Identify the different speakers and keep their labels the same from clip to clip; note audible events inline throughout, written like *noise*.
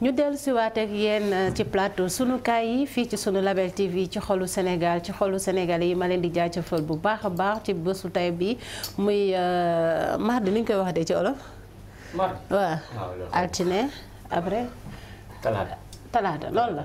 Speaker 1: ñu dellu siwaat ak yéen euh, ci plateau sunu kaay yi fii ci sunu Label TV ci xolu Sénégal ci xolu Sénégal yi ma leen di jaajëfal bu baax a baax ci bësu tey bi muy euh, mardi ni koy wax de ci olof. mardi waaw altine après. talaata. talaata loolu la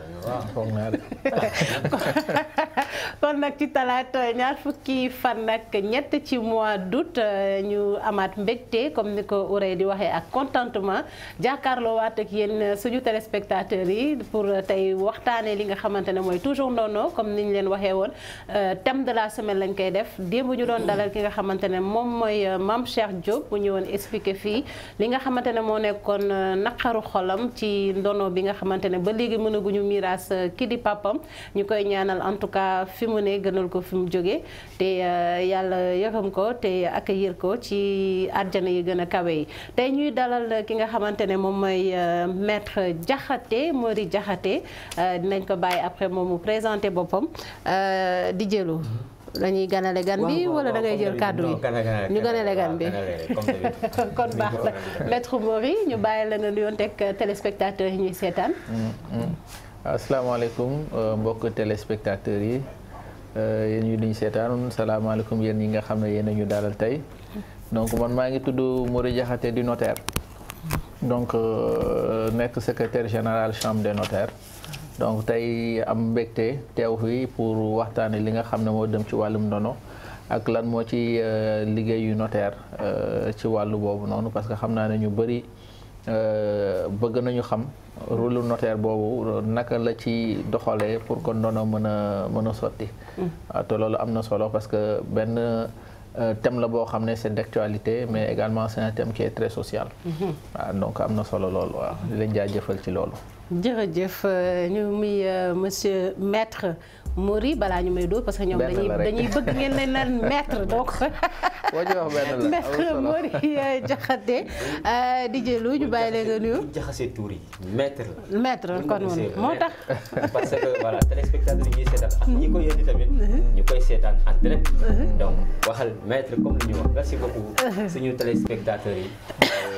Speaker 1: *laughs* kon nag ci talaata ñaar fukki fan nag ñett ci mois d'août euh, ñu amaat mbégte comme ni ko Ourey di waxee ak contentement jàkkaarloo waat ak yéen suñu téléspectateurs yi pour tey waxtaanee li nga xamante ne mooy toujours ndono comme ni ñu leen waxee woon euh, thème de la semaine lañ koy def démb ñu doon dalal ki nga xamante ne moom mooy euh, Mame Cheikh Diop bu ñëwoon expliqué fii li nga xamante ne moo nekkoon naqaru xolam ci ndono bi nga xamante ne léegi mënaguñu miiras euh, kii di papam ñu koy ñaanal en tout cas fi mu ne gënal ko fi mu jógee te euh, yàlla yërëm ko te accueillir ko ci àjjana yi gën a kawe yi tey ñuy dalal ki nga xamante ne moom mooy euh, maître Diakhaté Mori Diakhaté dinañ ko bàyyi après moom mu présenté boppam di jëlu mm-hmm. la ñuy ganale gan bi wala da ngay jël kàddu yi ñu ganale gan bi *laughs* kon baax na maître Mori ñu bàyyi la nga nuyoon teg téléspectateurs yi ñuy seetaan
Speaker 2: mm, mm. asalaamaaleykum euh, mbokk téléspectateurs yi euh, yéen ñu duñ seetaan salaamaaleykum yéen ñi nga xam ne yéen ñu dalal tey donc man maa ngi tudd Mori Diakhaté di notaire donc euh, nekk secretaire général chambre de notaire donc tey am mbégte teew fii pour waxtaane li nga xam ne moo dem ci wàllum ndono ak lan moo ci euh, liggéeyu notaire euh, ci wàllu boobu noonu parce que xam naa ne ñu bëri euh, bëgg nañu xam rôle notaire boobu naka la ci doxalee pour que ndono mën a mën a sotti. Mm. Ah, te loolu am na solo parce que benn tem la boo xam ne c'est d'actualité mais également c'est un thème qui social. waaw mm-hmm. ah, donc am na solo loolu waaw di leen jaajëfal ci loolu.
Speaker 1: jërëjëf euh, ñu muy euh, mosieur maître Mori balaa ñu may dóor parce que ñoom dañuy dañuy bëgg ngeen leen leen maître *laughs* donc maître Mori Jaxate di jëlu ñu bàyyi leen nga nuyu.
Speaker 3: jaxase tuur yi maître la.
Speaker 1: maître kon moom moo
Speaker 3: tax. *laughs* parce que voilà téléspectateur yi ñuy seetaan ak ñi ko yëndi tamit. Mm-hmm. ñu koy seetaan en direct. Mm-hmm. donc waxal maître comme li ñu wax merci beaucoup mm-hmm. suñu téléspectateur yi.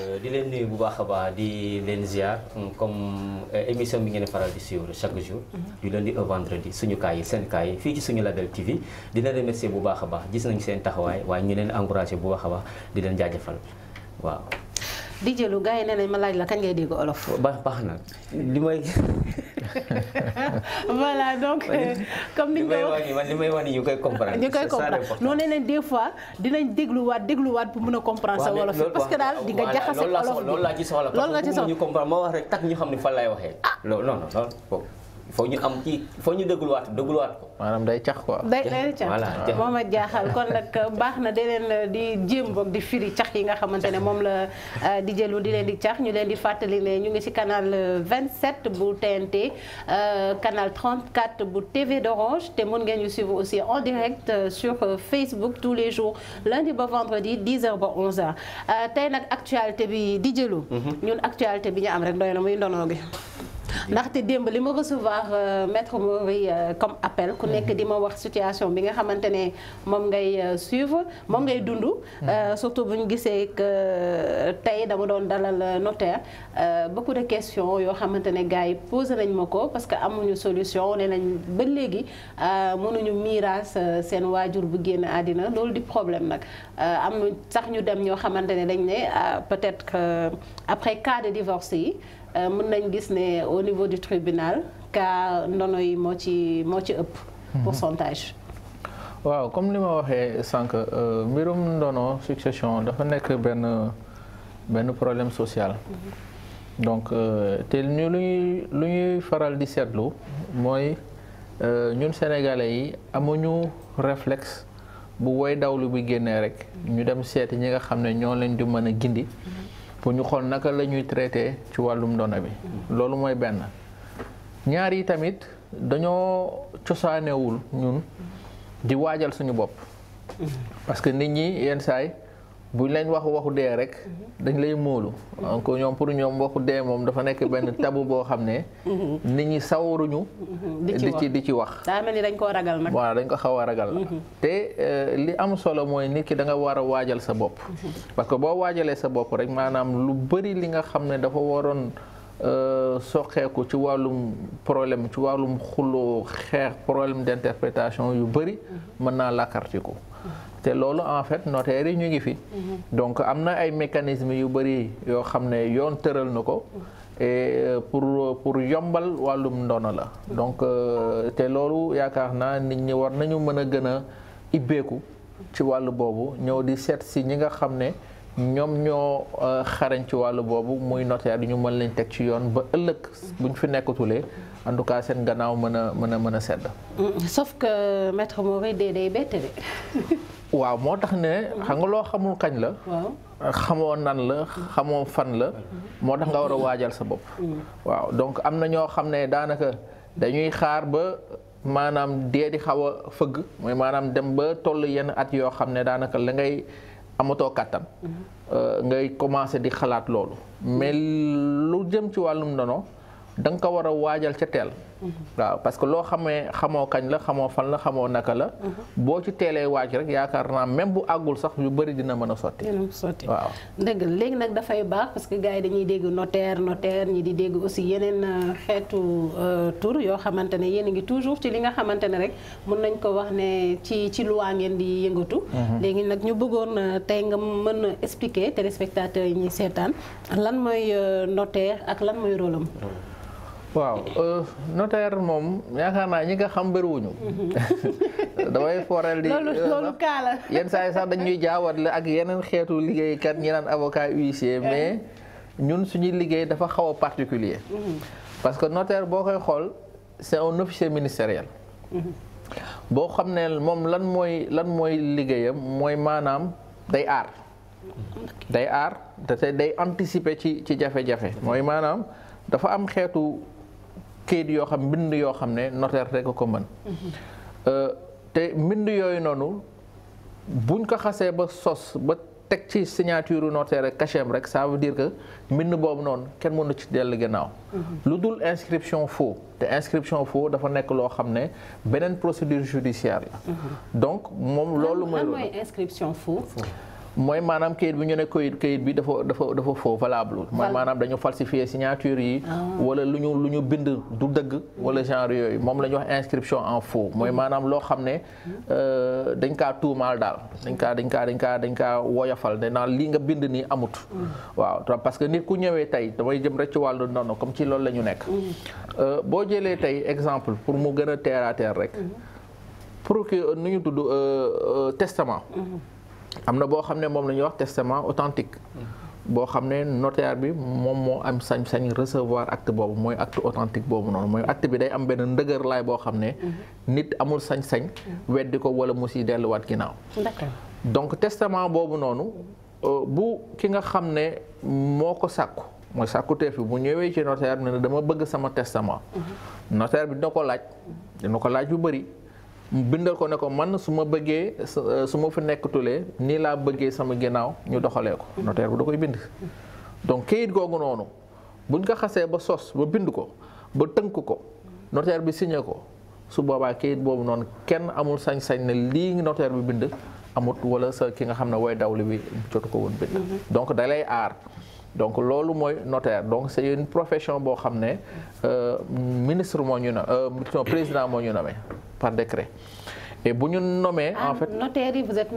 Speaker 3: Euh, di leen nuyu bu baax a baax di leen ziar mm, comme euh, émission bi ngeen faral di suivre chaque jour. Mm-hmm. du lundi au vendredi suñu kaay yi seen kaay yi fii ci suñu Label TV di leen remercier bu baax a baax gis nañu seen taxawaay waaye ñu leen encouragé bu baax a baax di leen jaajëfal waaw.
Speaker 1: di jëlu gars yi nee nañ ma laaj la kañ ngay dégg olof.
Speaker 3: baax baax na li may. *laughs*
Speaker 1: voilà donc comme ni nga wax li
Speaker 3: may wax ni ñu koy comprendre. ñu koy comprendre
Speaker 1: noonu nee nañ dinañ dégluwaat dégluwaat pour mën a comprendre sa wolof parce que daal di jaxase wolof bi loolu laa ci soxla loolu nga ci soxla
Speaker 3: parce wax rek tax ñu xam ne fan laay waxee. ah non non non foo ñu am kii foo ñu dégluwaat
Speaker 2: dégluwaat ko. maanaam day cax quoi. day day cax moom a
Speaker 1: jaaxal kon nag baax na de leen di jéem boog di fiiri cax yi nga xamante ne moom la euh, di jëlu di leen di cax ñu leen di fàttali ne ñu ngi ci canal 27 euh, bu TNT euh, canal 34 bu TV d'Orange te mën ngeen ñu suivre aussi en direct sur Facebook tous les jours lundi ba vendredi 10h ba 11h tey nag actualité bi di jëlu. Mm-hmm. ñun actualité bi ñu am rek doy na muy ndono gi. ndaxte démb li ma recevoir euh, maître Mori euh, comme appel ku nekk mhm. di ma wax situation bi nga xamante ne moom ngay euh, suivre moom ngay mhm. dund. Mhm. surtout bu ñu gisee que tey dama doon dalal notaire beaucoup de questions yoo xamante ne gars yi posé nañ ma ko parce que amuñu solution ne nañ ba léegi mënuñu miiras seen waajur bu génn àddina loolu di problème nag am na sax ñu dem ñoo xamante ne dañ ne peut-être après cas de divorce yi. Euh, mën nañ gis ne au niveau du tribunal cas ndono yi moo ci moo ci ëpp mhm. pourcentage
Speaker 2: waaw comme li ma waxee sànq euh, mbirum ndono succession dafa nekk benn benn problème social
Speaker 1: mhm.
Speaker 2: donc euh, te ñu lu ñuy faral di seetlu mooy ñun sénégalais yi amuñu réflexe bu woy dawlu bi génnee rek mhm. ñu dem seeti ñi nga xam ne ñoo leen di mën a gindi pour ñu xool naka la ñuy traité ci wàllum dona bi loolu mooy benn ñaar yi tamit dañoo cosaanewul ñun di waajal suñu bopp mm-hmm. parce que nit ñi yenn saay bu buñ leen wax waxu dee rek dañ lay móolu donc ñoom pour ñoom waxu dee moom dafa nekk benn tabu boo xam ne nit ñi sawaruñu di ci di ci wax daa mel dañ koo ragal nag waaw dañ ko xaw a ragal mhm. te euh, li am solo mooy nit ki da nga war a waajal sa bopp mhm. parce que boo waajalee sa bopp rek maanaam lu bëri li nga xam ne dafa waroon euh, soxeeku ci wàllum problème ci wàllum xuloo xeex problème d'interprétation yu bëri mhm. mën naa làkkartiku te loolu en fait notaire yi ñu ngi fi. Mhm. donc am na ay mécanismes yu bëri yoo xam ne yoon tëral na ko. et euh, pour pour yombal wàllum ndono la. donc euh, te loolu yaakaar naa nit ñi war nañu mën a gën a ibbeeku. ci wàll boobu ñëw di seet si ñi nga xam ne ñoom ñoo euh, xarañ ci wàll boobu muy notaire yi mën leen teg ci yoon ba ëllëg buñ fi nekkatulee en tout cas seen gannaaw mën a mën a mën a sedd.
Speaker 1: *laughs*
Speaker 2: waaw moo tax ne xam nga loo xamul kañ la. xamoo nan la xamoo fan la. moo tax nga war a waajal sa bopp. Mm-hmm. waaw donc am na ñoo xam ne daanaka dañuy xaar ba maanaam dee di xaw a fëgg mooy maanaam dem ba toll yenn at yoo xam ne daanaka la ngay amatoo kàttan. Mm-hmm. Euh, ngay commencé di xalaat loolu. mais lu jëm ci wàllum ndono da nga ko war a waajal ca teel. Mm-hmm. waaw parce que loo xamee xamoo kañ la xamoo fan la xamoo naka la. Mm-hmm. boo ci teelee waaj rek yaakaar naa même bu àggul sax yu bëri dina mën a sotti. sotti waaw
Speaker 1: dëgg léegi nag dafay baax parce que gars yi dañuy dégg notaire notaire ñi di dégg aussi yeneen euh, xeetu euh, tur yoo xamante ne yéen a ngi toujours ci li nga xamante ne rek mun nañ ko wax ne ci ci loi ngeen di yëngatu. Mm-hmm. léegi nag ñu bëggoon euh, tey nga mën a te téléspectateurs yi ñuy seetaan lan mooy notaire
Speaker 2: ak lan mooy rôle waaw euh, notaire moom yaakaar naa ñi nga xam bariwuñu *laughs* damay forel di euh, *laughs* yenn saa yi sax dañuy jaawatle ak yeneen xeetu liggéeykat ñi naan avocat huissier eh. mais ñun suñuy liggéey dafa xaw a particulier mm-hmm. parce que notaire boo koy xool c'est un officier ministériel. Mm-hmm. boo xam ne moom lan mooy lan mooy liggéeyam mooy maanaam day aar. day aar te day anticiper ci ci jafe-jafe mooy maanaam dafa am xeetu. kayit yoo xam mbind yoo xam ne notaire rek ko mën euh, te mbind yooyu noonu buñ ko xasee ba sos ba teg ci signature notaire ak cachet rek ça veut dire que mbind boobu noonu kenn mënu ci dell gannaaw mhm. lu dul inscription faux te inscription faux dafa nekk loo xam ne beneen procédure judiciaire la mhm. donc moom loolu mooy inscription faux mooy maanaam kayit bi ñu ne kayit kayit bi dafa dafa dafa faux valable mooy maanaam dañu falsifier signature yi ah. wala lu ñu lu ñu bind du dëgg wala genre yooyu moom la ñuy wax inscription en faux mooy hmm. maanaam loo xam ne euh, dañ kaa tuumaal daal dañ kaa dañ kaa dañ kaa dañ kaa woyofal ne naa lii nga bind nii amut hmm. waaw parce que nit ku ñëwee tey damay jëm rek ci wàllu noonu comme ci loolu lañu ñu nekk hmm. euh, boo jëlee tey exemple pour mu gën a terre à terre rek procure nu ñu tudd euh, testament am na boo xam ne moom la ñuy wax testament authentique boo xam ne notaire bi moom moo am sañ-sañ recevoir act boobu mooy acte authentique boobu noonu mooy acte bi day am benn ndëgër laay boo xam ne nit amul sañ-sañ weddi ko wala mu si delluwaat ginnaaw donc testament boobu noonu euh, bu ki nga xam ne moo ko sàkku mooy sàkkuteef bi bu ñëwee ci notaire bi ne dama bëgg sama testament mhm. notaire bi dina ko laaj dina ko laaj yu bëri bindal ko ne ko man su ma bëggee su euh, ma fi nekkatulee nii laa bëggee sama ginnaaw ñu doxalee ko notaire bi da koy bind donc kayit googu noonu buñ ko xasee ba sos ba bind ko ba tënk ko notaire bi signé ko su boobaa kayit boobu noonu kenn amul sañ-sañ ne lii notaire bi bind amut wala sa ki nga xam ne way dawli bi jotu ko woon bind mm-hmm. donc dalay aar donc loolu mooy notaire donc c'est une profession boo xam ne euh, ministre moo ñu na euh, président moo ñu nommé par décret. et bu ñu nommé en ah, fait
Speaker 1: notaire yi vous êtes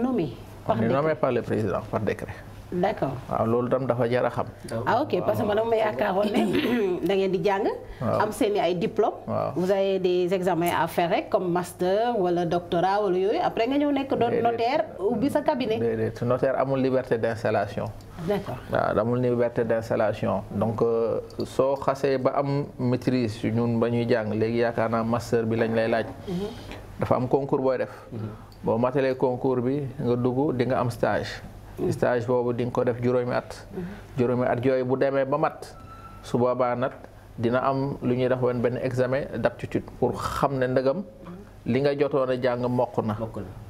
Speaker 2: par décret nommé par le président par décret. d'accord waaw loolu tam dafa jar xam. ah ok parce que man ma yaakaaroon
Speaker 1: ne *coughs* da ngeen di jàng. am seen ay diplôme. vous avez des examens à faire comme master wala doctorat wala yooyu après nga ñëw nekk doon notaire ubbi sa cabinet. déedéet
Speaker 2: amul liberté d'installation. d'accord waaw amul liberté d'installation donc euh, soo xasee ba am maîtrise ñun ba ñuy jàng léegi yaakaar naa master bi lañ lay laaj. Mhm. dafa am concours booy def. Mhm. boo matalee concours bi nga dugg dinga am stage. stage boobu di nga ko def juróomi at. juróomi at yooyu bu demee ba mat su boobaa nag dina am lu ñuy def woon benn examen d'aptitude pour xam ne ndëgam li nga jotoon a jàng mokk na.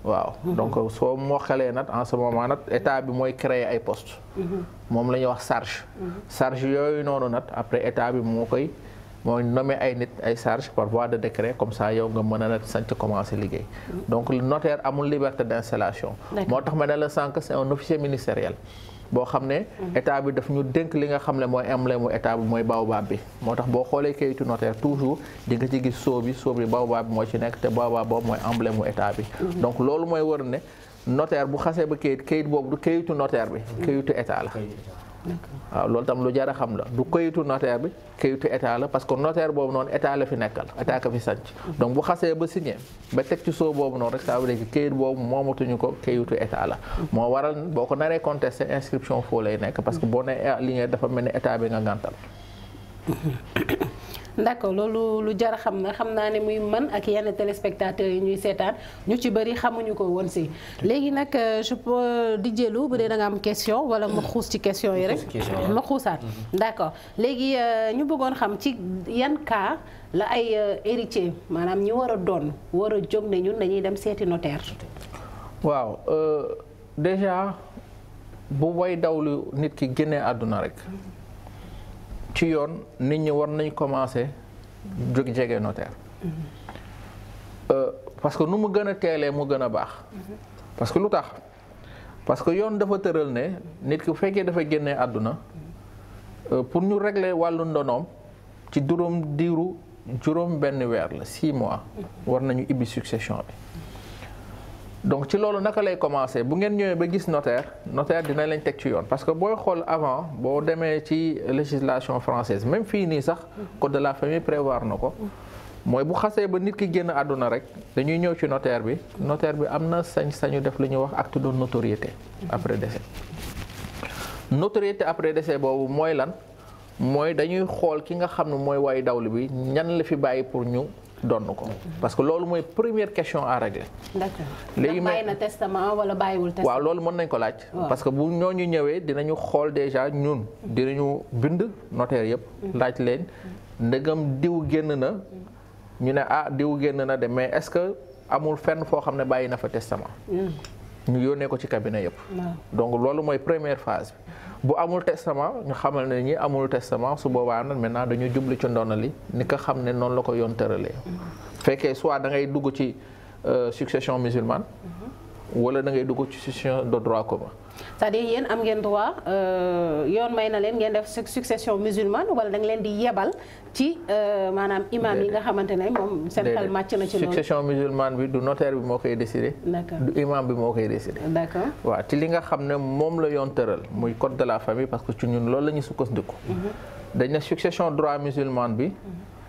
Speaker 2: waaw mm-hmm. donc soo mokkalee nag en ce moment nag état bi mooy créer ay postes. Mm-hmm. moom lañu wax charge. Mm-hmm. charge yooyu noonu nag après état bi moo koy. mooy nommé ay nit ay charge par voie de décret comme ça yow nga mën a na sant commencé liggéey donc le notaire amul liberté d'installation moo tax ma ne la sànq c'est un officier ministériel boo xam ne mhm. état bi daf ñu dénk li nga xam ne mooy emblème mu état bi mooy baobab bi moo tax boo xoolee kayitu notaire toujours di nga ci gis soo bi soo bi baobab moo ci nekk te baobab boobu mooy emblème mu état bi mhm. donc loolu mooy wër ne notaire bu xasee ba kayit kayit boobu kayitu notaire bi mhm. kayitu état la waaw loolu tam lu jar xam la du kayitu notaire bi kayitu état la parce que notaire boobu noonu état la fi nekkal état ka fi sanc donc bu xasee ba signé ba teg ci soo boobu noonu rek ça veut dire que kayit boobu moomatuñu ko kayitu état la moo waral boo ko naree contesté inscription foo lay nekk parce que boo ne li dafa mel ni état bi nga gàntal
Speaker 1: d'accord loolu lu jara xam na xam naa ne muy man ak yenn téléspectateurs yi ñuy seetaat ñu ci bëri xamuñu ko woon si léegi nag euh, je peux euh, di jëlu bu dee da am question wala ma xuus ci question yi rek ma xuusaat mhm. d'accord léegi euh, ñu bëggoon xam ci yan kaa la ay héritier maanaam ñi war a doon war a jóg ne ñun dañuy dem seeti notaire
Speaker 2: waaw déjà bu way dawlu nit ki génnee àdduna rek ci yoon nit ñi war nañ commencé jóg jege notaire mm-hmm. euh, parce que nu mu gën a teelee mu gën a baax mm-hmm. parce que lu tax parce que yoon dafa tëral ne nit ki fekkee dafa génne àdduna mm-hmm. euh, pour ñu régler wàllu ndonoom ci duróom diiru juróom benn weer la six mois war nañu ibbi succession bi donc ci loolu naka lay commencer bu ngeen ñëwee ba gis notaire notaire dina leen teg ci yoon parce que booy xool avant boo demee ci législation française même fii nii sax code de la famille prévoir na ko mooy bu xasee ba nit ki génn àdduna rek dañuy ñëw ci notaire bi notaire bi am na sañ-sañu def lu ñuy wax acte de notoriété après décès notoriété après décès boobu mooy lan mooy dañuy xool ki nga xam ne mooy waayu dawli bi ñan la fi bàyyi pour ñu donn ko parce que loolu mooy première question à régler.
Speaker 1: léegi bàyyi na testament wala bàyyiwul testament. waaw
Speaker 2: loolu mën nañ ko laaj. parce que bu ñu ñëwee dinañu xool déjà ñun dinañu bind notaire yëpp. Mm. laaj leen ndegam diw génn na mm. ñu ne ah diw génn na de mais est-ce que amul fenn foo xam ne bàyyi na fa testament. Mm. ñu yónnee ko ci cabinet yëpp. donc loolu mooy première phase bi bu amul testament ñu xamal ne ñi amul testament su boobaa nag maintenant dañu jublu ci ndonali ni ko xam ne noonu la ko yoon tëralee. Mhm. fekkee soit dangay dugg ci euh, succession musulmane. Mhm. wala da ngay dugg ci succession de droit commun.
Speaker 1: cest à am ngeen droit euh, yoon may na leen ngeen def succession musulmane wala da nga leen di yebal ci euh, maanaam imam yi nga xamante ne moom seen xel màcc na ci
Speaker 2: bi du notaire moo koy décidé. du imam bi moo koy décidé. d'accord waaw ci li nga xam ne moom la yoon tëral muy cote de la famille parce que ci ñun loolu la ñu sukkandiku. Mhm. dañ ne succession droit musulmane bi. Mhm.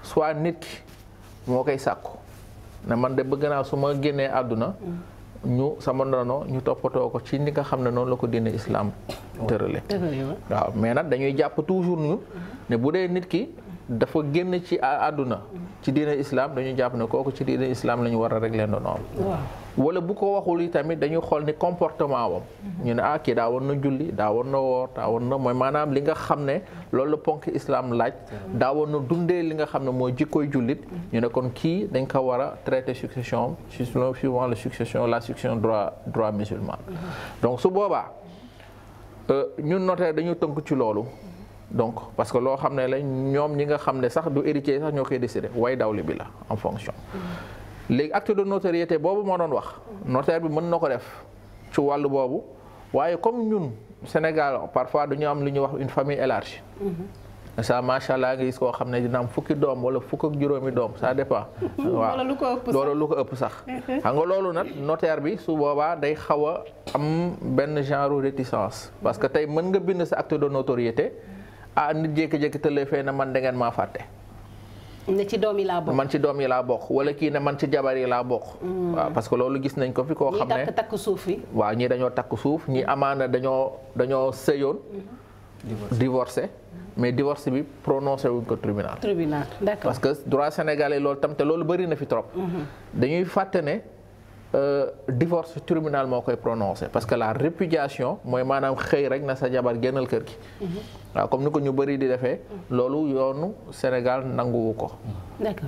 Speaker 2: soit nit moo koy sàkku. ne man de bëgg naa su ma génnee àdduna. Mhm. ñu sama ndono ñu toppatoo ko ci ni nga xam ne noonu la ko diine islam tërale waaw mais nag dañuy jàpp toujours ñu ne bu dee nit ki dafa génn ci àdduna ci diina islaam dañu jàpp ne kooku ci diina islam la ñu war a régler ndonoom wala bu ko waxul yi tamit dañu xool ni comportement wam mhm. ñu ne ah kii daa war na julli daa war na woor daa war na mooy maanaam li nga xam ne loolu la ponk islaam laaj mhm. daa war na dundee li nga xam ne mooy jikkooy jullit mhm. ñu ne kon kii dañ ko war a traité succession suivant la succession la succession droit droit musulman donc su boobaa euh, ñun notaire dañu tënk ci loolu donc parce que loo xam ne la ñoom ñi nga xam ne sax du héritier sax ñoo koy décider way dawli bi la en fonction léegi acte de notoriété boobu moo doon wax notaire bi mën na ko def ci wàllu boobu waaye comme ñun Sénégal parfois dañu am lu ñuy wax une famille élargie
Speaker 1: mm-hmm.
Speaker 2: ça macha allah nga gis xam ne dina am fukki doom wala fukk ak juróomi doom ça dépend. *laughs* waaw
Speaker 1: loolu
Speaker 2: lu ko ëpp sax. Mm-hmm. xam nga loolu nag notaire bi su boobaa day xaw a am benn genre réticence parce que tey mën nga bind sa acte de notoriété. ah nit jékki-jékki tëlee fee ne man da ngeen maa fàtte.
Speaker 1: ne ci doom yi la bokk man
Speaker 2: ci doom yi la bokk wala kii ne man ci jabar yi la bokk. Hmm. waaw parce que loolu gis nañ ko fi koo xam ne ñii takk takk suuf yi. ñii dañoo takk suuf ñii hmm. amaana dañoo dañoo sëyoon. Hmm. divorcé mais divorce bi prononcé wuñ ko tribunal.
Speaker 1: tribunal d'accord parce
Speaker 2: que droit sénégalais loolu tam te loolu bëri na fi trop. dañuy fàtte Euh, divorce tribunal moo koy prononcé parce que la répudiation mooy maanaam xëy rek na sa jabar génnal kër gi. Mhm. waaw comme ni ko ñu bëri di defee. Mhm. loolu yoonu Sénégal nanguwu ko.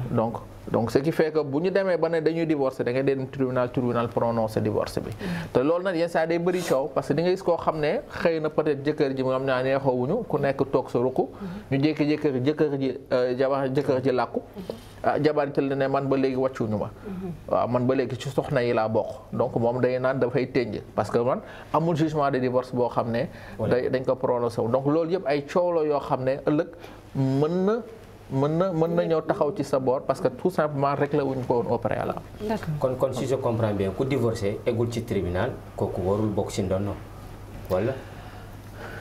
Speaker 2: donc donc ce qui fait que bu ñu demee ba ne dañuy divorcé da ngay dem tribunal tribunal prononcé divorce bi te loolu nag yenn saa day bëri coow parce que di nga gis koo xam ne xëy na peut jëkkër ji moom naa neexoowuñu ku nekk toog sa ruku ñu jékki jëkkër jëkkër ji euh, jabar jëkkër ji làkku ah jabar ne man ba léegi wàccuñu ma waaw man ba léegi ci soxna yi laa bokk donc moom day naan dafay tënj parce que man amul jugement de divorce boo xam ne dañ ko prononcé donc loolu yëpp ay coow yoo xam ne ëllëg mën na mën na mën na ñëw taxaw ci sa boor parce que tout simplement réglé wuñ ko woon au préalable. kon kon si je comprends bien ku divorcé
Speaker 3: eggul ci tribunal kooku bokk si ndono wala.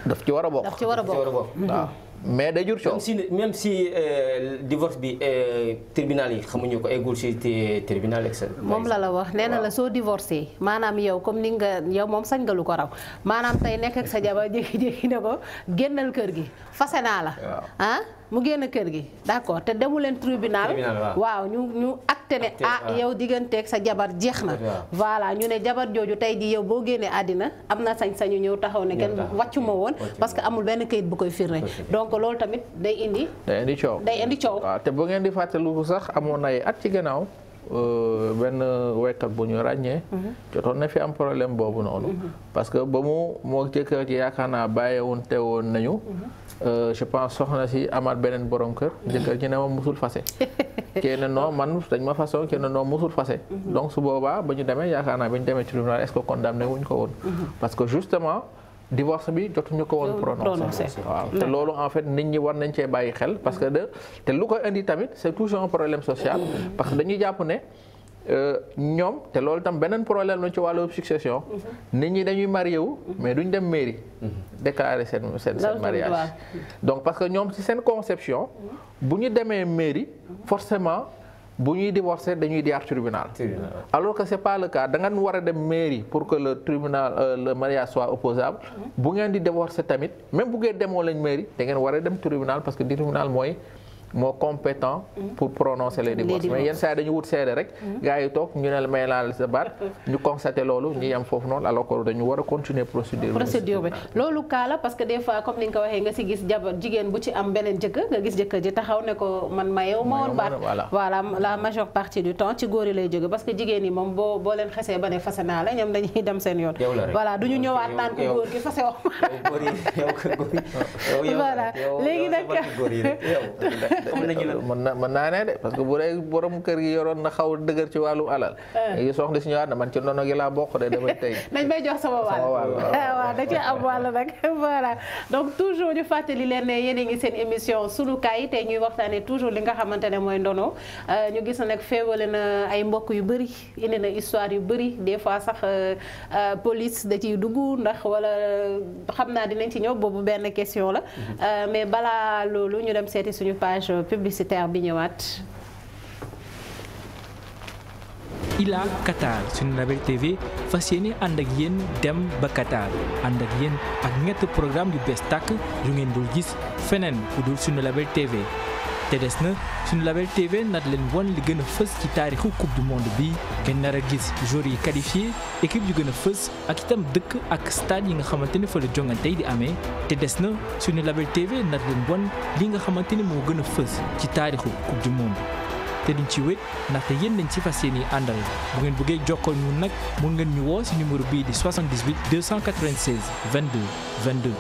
Speaker 3: daf ci war a bokk ci war a bokk waaw. mais day jur coow même si même si euh, divorce bi euh, tribunal yi xamuñu ko eggul ci tribunal exe.
Speaker 1: moom la la wax nee na la soo divorcé maanaam yow comme ni nga yow moom sañ nga lu maanaam tey nekk ak sa jabar *laughs* jékki-jékki ne ko génnal kër gi fase naa la ah. mu génn kër gi d'accord te demu leen tribunal waaw ñu ñu acte ne ah yow digganteeg sa jabar jeex na voilà ñu ne jabar jooju tey di yow boo génnee àddina am na sañ-sañu ñëw taxaw ne kenn wàccu ma woon parce que amul benn kayit bu koy firnde donc loolu tamit day indi
Speaker 2: day indi coow day indi coow waaw te bu ngeen di fàtte fàttaliku sax amoon na ay at ci gannaaw Euh, benn waykat bu ñu ràññee. Mhm. jotoon na fi am problème boobu noonu. Mhm. parce que ba mu moo jëkkër ji yaakaar naa bàyyiwoon teewoon nañu. Mhm. Euh, je pense soxna si amaat beneen borom kër. jëkkër ji ne ma musul fase. *laughs* kenn noo man dañ ma façon kenn non musul fase. donc su boobaa ba ñu demee yaakaar naa ba ñu demee ci tribunal est-ce que wuñ ko woon. parce que justement. divorce bi jotuñu ko woon prononcé waaw te loolu en fait nit ñi war nañ cee bàyyi xel parce que de te lu ko indi tamit c'est toujours un problème social mm-hmm. parce que dañuy jàpp ne euh, ñoom te loolu tam beneen problème la ci wàllu succession mm-hmm. nit ñi dañuy marié wu mm-hmm. mais duñ dem mairie déclarer seen seen seen mariage donc parce que ñoom ci seen conception bu ñu demee mairie forcément bu ñuy divorcé dañuy jaar tribunal. alors que c' est pas le cas da ngeen war a dem mairie pour que le tribunal euh, le mariage soit opposable mm-hmm. bu ngeen di divorcé tamit même bu ngeen demoo lañ mairie da ngeen war a dem tribunal parce que tribunal mooy. moo compétent pour prononcer les divorces mais yenn saa yi dañu wut seede rek hmm. gars yi toog ñu ne la may laal sa baat hmm. ñu constaté loolu ñu yem foofu noonu a continuer procédure
Speaker 1: hmm. loolu kaa la parce que des fois comme ni nga ko waxee nga si gis jabar jigéen bu ci am beneen jëkkër nga gis jëkkër ji taxaw ne ko man ma yow ma baat voilà la majeure partie du temps ci góor lay jóge parce que jigéen yi moom boo boo leen xesee ba ne fase naa la ñoom dañuy dem seen yoon voilà duñu ñëwaat naan
Speaker 2: *laughs* *laughs* mën na mën naa ne de parce que bu dee borom kër gi yoroon na xaw dëgër ci wàllum alal eh. léegi soxna si ñëwaat na man ci nono gi laa bokk de damay tey
Speaker 1: dañ *laughs* may jox sama wàll eh, waaw da *laughs* toujours ñu fàttali leen ne yéen a ngi seen émission sunu kaay tey ñuy waxtaane toujours li nga xamante ne mooy ndono eh, ñu gis na nag féewale na ay mbokk yu bëri indi na histoire yu bëri des fois sax police da ciy dugg ndax wala xam naa dinañ ci ñëw boobu benn question la mm-hmm. mais balaa loolu ñu dem seeti suñu page page publicitaire bi ñëwaat.
Speaker 4: Ila Qatar suñu Label TV fas yéene ànd ak yéen dem ba Qatar ànd ak yéen ak ñett programme yu bees tàkk yu ngeen dul gis feneen ku dul suñu Label TV. te des na suñu Label TV nat leen wan li gën a fës ci taarixu coupe du monde bi ngeen nar a gis joueurs yi qualifié équipe yi gën a fës ak itam dëkk ak stade yi nga xamante ne fa la jongante yi di amee te des na suñu Label TV nat leen wan li nga xamante ne moo gën a fës ci taarixu coupe du monde. te duñ ci wét ndaxte yéen nañ ci fas yéene àndal bu ngeen bëggee jokkoo ñun nag mun ngeen ñu woo si numéro bii di vingt 296 22 22.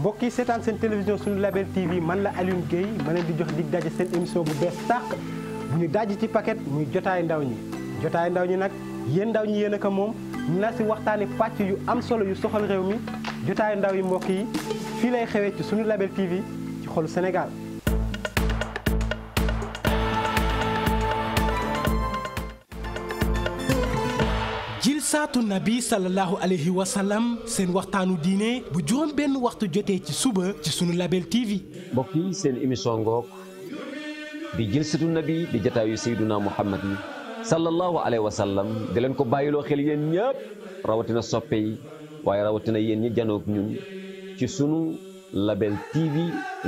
Speaker 4: mbokk yi seetaan seen télévision suñu Label TV man la Alioune Guèye ma leen di jox dig daje seen émission bu bees tàq bu ñu dajj ci paquet muy jotaay ndaw ñi jotaay ndaw ñi nag yéen ndaw ñi yéen a ko moom na si pàcc yu am solo yu soxal réew mi jotaay ndaw yi mbokk yi fii lay xewee ci suñu Label TV ci xolu Sénégal saatu nabi sallallahu alayhi wa sallam seen waxtaanu diine bu juróom benn waxtu jotee ci suba ci sunu Label TV.
Speaker 5: mbokk yi seen émission ngoog di jilsatu nabi di jataayu sayduna muhammad yi sallallahu alayhi wa sallam di leen ko bàyyiloo xel yéen ñëpp rawatina soppe yi waaye rawatina yéen ñi janoog ñun ci sunu Label TV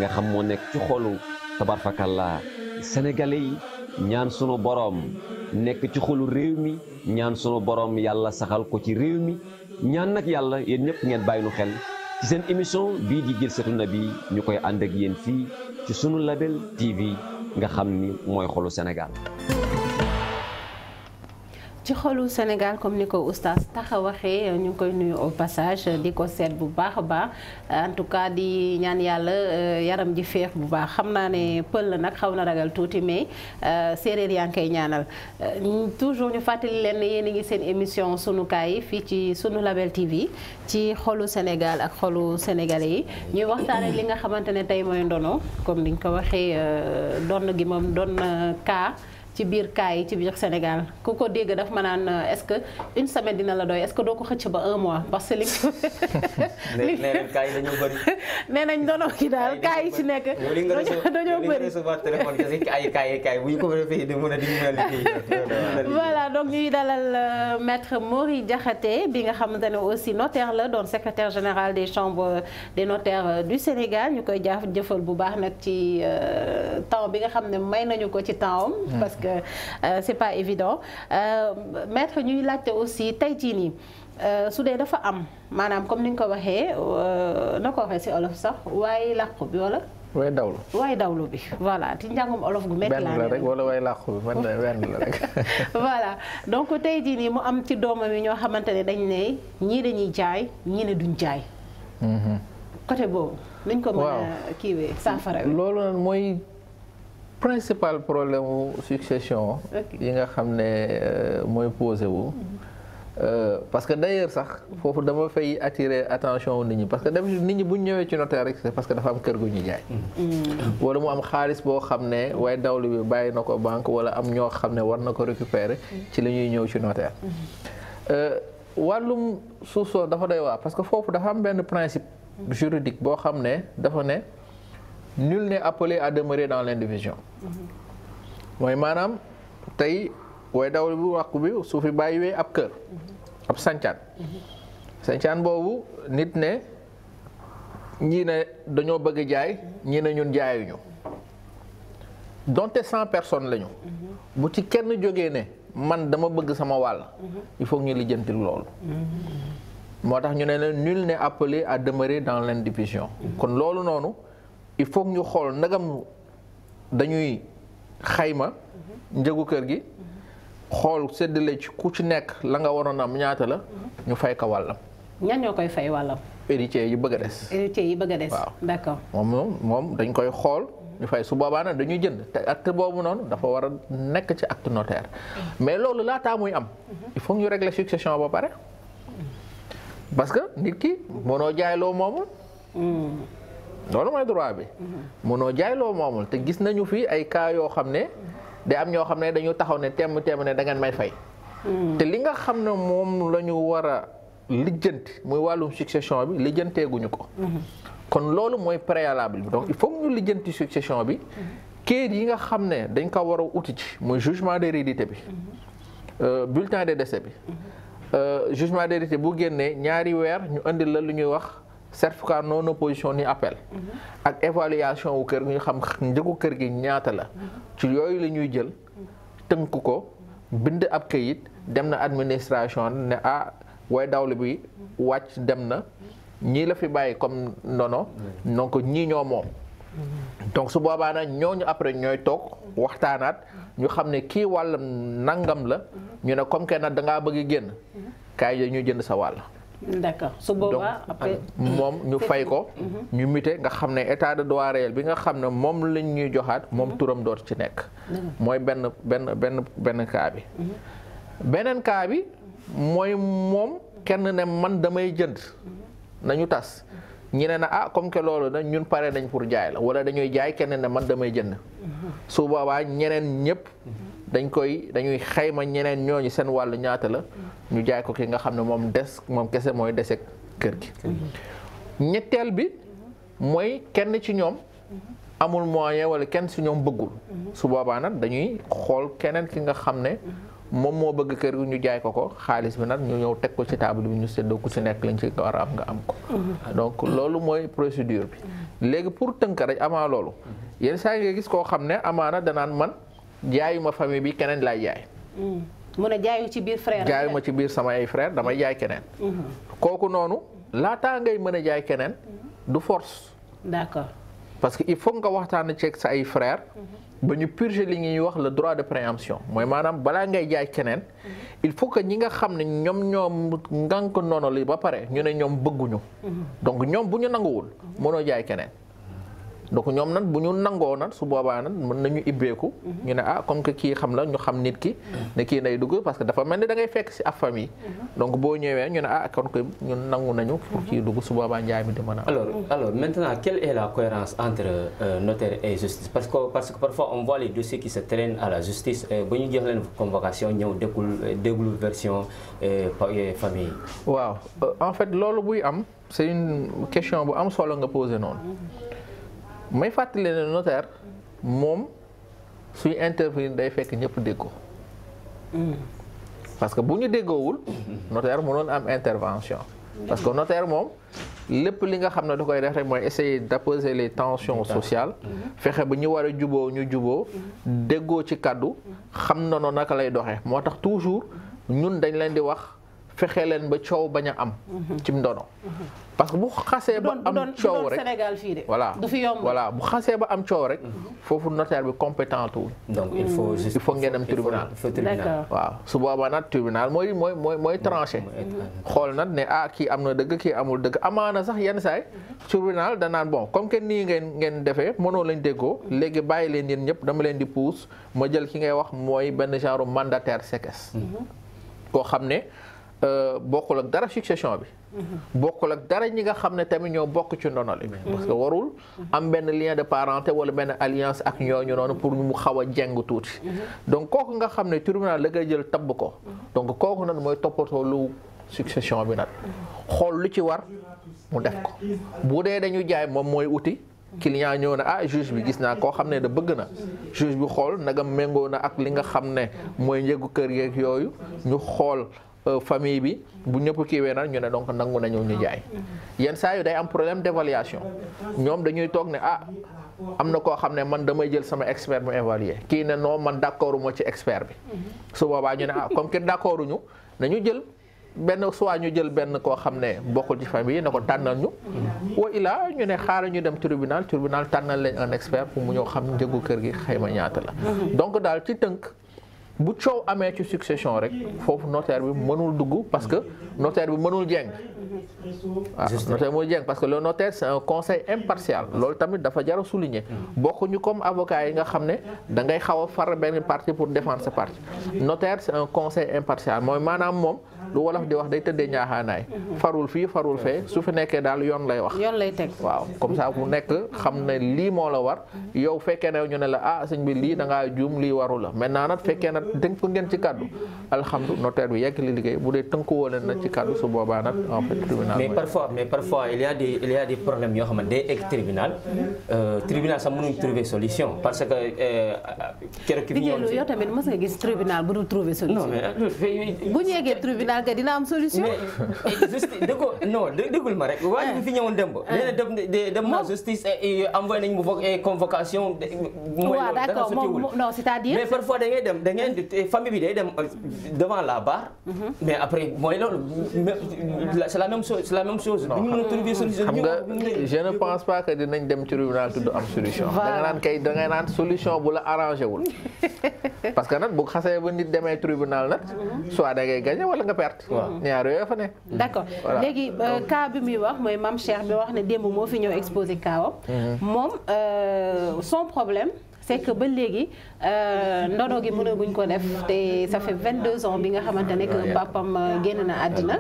Speaker 5: nga xam moo nekk ci xolu tabarfakalla sénégalais yi. ñaan sunu boroom nekk ci xolu réew mi ñaan sunu boroom yàlla saxal ko ci réew mi ñaan nag yàlla yéen ñëpp ngeen bàyyi nu xel ci seen émission bii di na bi ñu koy ànd ak yéen fii ci sunu label TV nga xam ni mooy xolu Sénégal.
Speaker 1: ci xolu Sénégal comme ni ko oustaz taxa waxee ñu ngi koy nuyu au passage di ko seet bu baax a baax en tout cas di ñaan yàlla euh, yaram ji feex bu baax xam naa ne pël la nag xaw na ragal tuuti mais euh, séeréer yaa ngi koy ñaanal euh, toujours ñu fàttali leen ne yéen a ngi seen émission sunukaay kaay fii ci sunu Label TV ci xolu Sénégal ak xolu sénégalais yi ñuy waxtaan ak li nga xamante ne tey mooy ndono comme niñ ko waxee donn gi moom donn kaa ci biir cas yi ci biir Sénégal ku ko dégg dafa ma naan euh, est-ce que une semaine dina la doy est-ce doo ko xëcc ba un mois parce que li.
Speaker 3: léegi *laughs* *laughs* nee nañ cas yi dañoo bëri.
Speaker 1: *laughs* nee nañ non non daal cas yi ci nekk. dañoo bëri voilà donc ñuy dalal euh, maître Mori Diakhaté bi nga xamante ne aussi notaire la doon secrétaire général des chambres euh, des notaires du Sénégal ñu koy jëfal bu baax nag ci temps bi nga xam ne may nañu ko ci temps que euh, c'est pas évident euh, maître ñuy laajte aussi tey jii nii euh, su dee dafa am maanaam comme ni ko waxee na ko waxee ci olof sax waaye làqu bi walla. waay dawlu waay dawlu bi voilà ci njàngum olof gu métti laa benn rek
Speaker 2: wala waay làqu bi man benn la rek.
Speaker 1: *laughs* voilà donc tey jii nii mu am ci doomam yi ñoo xamante ne dañ ne ñii dañuy jaay ñii ne duñ jaay. Mhm. côté boobu. nuñ ko mën kiiwee saafara
Speaker 2: loolu mooy. principal problème wu succession. yi nga xam ne euh, mooy posé wu. Mhm. Euh, parce que d'ailleurs sax foofu dama fay attirer attention nit ñi parce que d'habitude nit ñi bu ñu ñëwee ci notaire rek c'est parce que dafa am kër gu mhm. wala mu am xaalis boo xam ne waaye dawlu bi bàyyi na ko banque wala am ñoo xam ne war na ko récupérer. Mhm. ci la ñuy ñëw ci notaire. Euh, wàllum soo dafa doy waar que foofu dafa am benn principe juridique boo xam ne dafa ne. nul n'est appelé à demeurer dans l'indivision mooy maanaam tey way dawal bu wàqu bi su fi bàyyiwee ab kër ab sancaan sancaan boobu nit ne ñii ne dañoo bëgg jaay ñi ne ñun jaayuñu donte cent personnes lañu bu ci kenn jógee ne man dama bëgg sama wàll il faut ñu lijjantil loolu moo tax ñu ne la nul ne appelé à demeurer dans leen l'indivision kon loolu noonu il faut ñu xool nagam dañuy xayma njëgu kër gi xool séddale ci ku ci nekk la nga waroon am ñaata la ñu fay ko wàllam. ñan ñoo koy fay wàllam. héritiers yi bëgg des.
Speaker 1: héritiers yi bëgg a des. waaw d'accord
Speaker 2: moom moom dañ koy xool. ñu fay su boobaa nag dañuy jënd te acte boobu noonu dafa war a nekk ci acte notaire mais loolu laataa muy am. il faut ñu régler succession ba pare. parce nit ki mënoo jaay loo moomul. Hmm. loolu mooy droit bi. mënoo jaay loo moomul te gis nañu fi ay cas yoo xam ne day am ñoo xam ne dañu taxaw ne temm temm ne da ngeen may fay. Hmm. te li nga xam ne moom la ñu war a lijjanti muy wàllum succession bi lijjanteeguñu ko. Hmm. kon loolu mooy préalable bi donc il faut ñu lijjanti succession bi. Hmm. kayit yi nga xam ne dañ ko war a uti ci muy jugement d'hérédité bi. Euh, bulletin de décès bi. Euh, jugement d'hérédité bu génnee ñaari weer ñu indi la lu ñuy wax. certificat non opposition ni appel. Mhm. ak évaluation wu kër ñu xam njëgu kër gi ñaata la. Mhm. ci yooyu lañuy ñuy jël tënk ko bind ab kayit dem na administration ne ah way dawle bi wàcc dem na ñii la fi bàyyi comme nono mhm. donc ñii ñoo moom. donc su boobaa nag ñooñu après ñooy toog waxtaanaat ñu xam ne kii wàllam nangam la ñu ne comme kenn nag da ngaa bëgg génn kaay yooyu ñuy jënd sa wàll.
Speaker 1: d'accord su boobaa
Speaker 2: moom ñu fay ko. Mhm. ñu mité nga xam ne état de droit bi nga xam ne moom lañ ñuy joxaat moom mhm. turam dootu ci nekk. mooy benn benn benn benn cas bi. Mhm. beneen cas bi mooy moom kenn ne man damay jënd nañu tas ñi ne ah, comme que loolu nag ñun pare nañ pour jaay la wala dañuy jaay kenn ne man damay jënd. su ñeneen ñëpp. dañ koy dañuy xayma ñeneen ñooñu seen wàllu ñaata la ñu jaay ko ki nga xam ne moom des moom kese mooy dese kër gi ñetteel bi mooy kenn ci ñoom amul moyen wala kenn ci ñoom bëggul su boobaa nag dañuy xool keneen ki nga xam ne moom moo bëgg kër gi ñu jaay ko ko xaalis bi nag ñu ñëw teg ko ci table bi ñu séddoo ku ci nekk lañ ci war a am nga am ko mhm. donc loolu mooy procédure bi léegi pour tënk rek amaa loolu yenn saa nga gis koo xam ne amaana danaan man jaayuma famille bi keneen laay jaay.
Speaker 1: Hmm. mu ne jaayu ci biir frère jaayuma ci
Speaker 2: biir sama ay frère damay jaay keneen. Hmm. kooku noonu laataa ngay mën a jaay keneen du force. d'accord parce que il faut nga waxtaan ceeg sa ay frère hmm. ba ñu purger li ñuy wax la droit de préemption mooy maanaam balaa ngay jaay keneen il faut que ñi nga xam ne ñoom ñoom ngànk noonu li ba pare ñu ne ñoom bëgguñu donc ñoom bu ñu nanguwul mënoo jaay keneen donc ñoom nan bu ñu nangoo nan su boobaa nan mën nañu ibbeeku. Mhm. ñu ne ah comme que kii xam la ñu xam nit ki. Mhm. ne kii nay dugg parce que dafa mel ni da ngay fekk si ab famille. Mhm. donc boo ñëwee ñu ne ah kon que ñun nangu nañu. pour kii dugg su boobaa njaay mi di mën a. alors
Speaker 3: alors maintenant quelle est la cohérence entre euh, notaire et que parce que parfois on voit les dossiers qui se traînent à la justice ba ñu jox leen convocation ñëw déggul déggul version
Speaker 2: euh, euh, en fait loolu buy am c'est une question bu am solo nga posé noonu. may fàttali ne notaire moom suy intervenir day fekk ñëpp déggoo hmm. parce que bu ñu déggoowul notaire mënoon am intervention parce que notaire moom lépp li nga xam ne da koy def rek mooy essayer d'apaiser les tensions sociales hmm. fexe ba ñu war a juboo ñu juboo hmm. déggoo ci kàddu xam na noo naka lay doxee moo tax toujours ñun dañ leen di wax fexe leen ba coow bañ am cim ndono parce que bu xasee ba am coow rek Sénégal
Speaker 1: fii de voilà du
Speaker 2: xasee ba am coow rek foofu notaire bi compétent wu donc il faut il faut ngeen dem tribunal waaw su boobaa nag tribunal mooy mooy mooy mooy tranché mhm. xool nag ne ah kii am na dëgg kii amul dëgg amaana sax yenn saay mhm. tribunal danaan bon comme que nii ngeen ngeen defee mënoo lañ déggoo mhm. léegi bàyyi leen yéen ñëpp dama leen di puus ma jël ki ngay wax mooy benn genre mandataire séquestre koo xam ne euh, bokkul ak dara succession bi bokkul ak dara ñi nga xam ne tamit ñoo bokk ci ndono li mm-hmm. parce que warul am benn lien de parenté wala benn alliance ak ñooñu noonu pour mu xaw a jeng tuuti. Mm-hmm. donc kooku nga xam ne tribunal la ngay jël tabb ko. Mm-hmm. donc kooku nag mooy toppatoo lu succession bi nag. xool lu ci war mu def ko bu dee dañu jaay moom mooy uti. client ñëw na ah juge bi gis naa koo xam ne da bëgg na juge bi xool nagam méngoo na ak li nga xam ne mooy njëgu kër yeeg yooyu ñu xool Euh, famille bi bu ñëpp kiiwee nag ñu ne donc nangu nañu ñu jaay yenn saa yu day am problème d'évaluation ñoom dañuy toog ne ah am na koo xam ne man damay jël sama expert mu évaluer kii ne non man d'accord ma ci expert bi su boobaa ñu ne ah comme que d'accord ñu nañu jël benn soit ñu jël benn koo xam ne bokkul ci famille ne ko tànnal ñu wa ilaa ñu ne xaaral ñu dem tribunal tribunal tànnal leen un expert pour mu ñëw xam njëgu kër gi xëy ma ñaata la mm-hmm. bu coow amee ci succession rek foofu notaire bi mënul dugg parce que notaire bi mënul jeng waaw ah, notaire mënul jeng parce que le notaire c'est un conseil impartial loolu tamit dafa jar a souligner bokkuñu comme avocat yi nga xam ne da ngay xaw a far benn parti pour défendre sa parti notaire c'est un conseil impartial mooy maanaam moom lu wolof di wax day tëddee ñaaxaanaay mhm. farul fii farul fee su fi nekkee daal yoon lay wax yoon lay teg waaw comme ça ku nekk xam ne lii moo la war mhm. yow fekkee ne ñu ne la ah sëñ bi lii da ngaa juum lii waru la maintenant nag fekkee nag dénk ngeen ci kàddu mhm. alhamdulilah notaire bi yegg li liggéey bu dee tënkuwoo la na ci kàddu su boobaa nag en fait mais parfois mais parfois il y a des il y a des problèmes yoo
Speaker 3: xam ne day egg tribunal euh, tribunal sax mënuñ trouver solution parce que euh, keroog ki bi yow
Speaker 1: tamit Ndiaga dina am solution.
Speaker 3: mais juste déggoo non ma rek waa ñu fi ñëwoon démb. nee na dem na justice envoyé nañu mu convocation. mooy loolu dara d'accord
Speaker 1: non cest à da
Speaker 3: ngay dem da dem devant la barre. mais après mooy loolu c'est la même chose c'est la même chose. non xam nga
Speaker 2: je ne pense pas que dinañ dem tribunal tudd am solution. da nga naan kay da naan solution bu la arrangé wul. parce que nag bu ba nit demee tribunal nag. soit da ngay gagné wala nga perte. carte. ñaar yooyu fa ne. Mm-hmm. d'accord léegi
Speaker 1: euh, cas bi muy wax mooy Mame Cheikh bi wax ne démb moo fi ñëw exposé kaawam. Mm-hmm. moom euh, son problème. c'est que ba léegi euh, ndono gi mënaguñ ko def te ça vingt deux ans bi nga xamante ne que euh, génn na àddina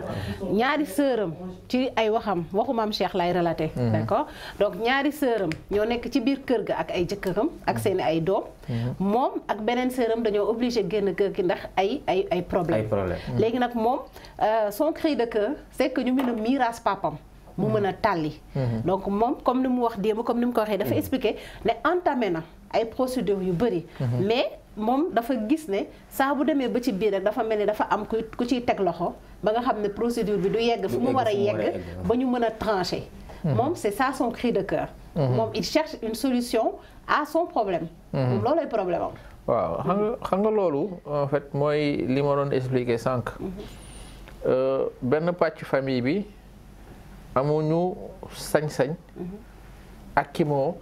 Speaker 1: ñaari sëram ci ay waxam waxu maam Cheikh lay relaté. Mm-hmm. d'accord donc ñaari sëram ñoo nekk ci biir kër gi ak ay jëkkëram ak mm-hmm. seen ay doom. Mm-hmm. moom ak beneen sëram dañoo obligé génn kër gi ndax ay ay ay problème léegi nag moom euh, son cri de cœur c'est que ñu mën a miiras papam. mu mën a tàlli. donc moom comme ni mu wax démb comme ni mu ko waxee dafa expliqué ne entamé na. ay procédures yu bëri. Mhm. mais moom dafa gis ne saa bu demee ba ci biir rek dafa mel ni dafa am ku ciy teg loxo ba nga xam ne procédure bi du yegg fu mu war a yegg ba ñu mën a tranché mhm. moom c'est ça son cri de cœur. Mhm. moom il cherche une solution à son problème. moom loolooy problème
Speaker 2: waaw xam nga xam nga loolu en fait mooy li ma doon expliquer sànq. Euh, benn pàcc famille bi amuñu sañ-sañ. ak ki moo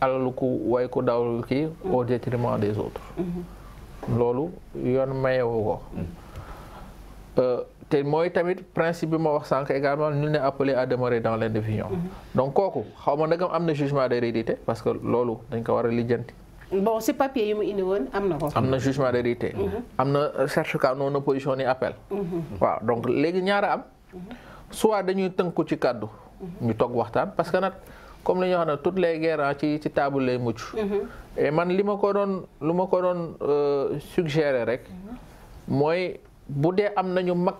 Speaker 2: alalu ku way ku dawlu kii des autres loolu yoon mayewu ko mm-hmm. euh, te mooy tamit principe bi ma wax sànq également nul n'est appelé à demeurer dans l'indivision mm-hmm. donc kooku xaw ma nagam am na jugement d'hérédité parce que loolu dañ ko war a lijjanti
Speaker 1: bon si papier yi mu indi woon am na ko am na jugement
Speaker 2: d'hérédité mm-hmm. am na certificat ni appel waaw donc léegi ñaara am soit dañuy tënku ci kàddu ñu toog waxtaan parce que nag comme li ñuy wax ne toutes les guerres ah ci ci table lay mucc. Mhm. et man li ma ko doon lu ma ko doon euh, suggérer rek. mooy bu dee am nañu mag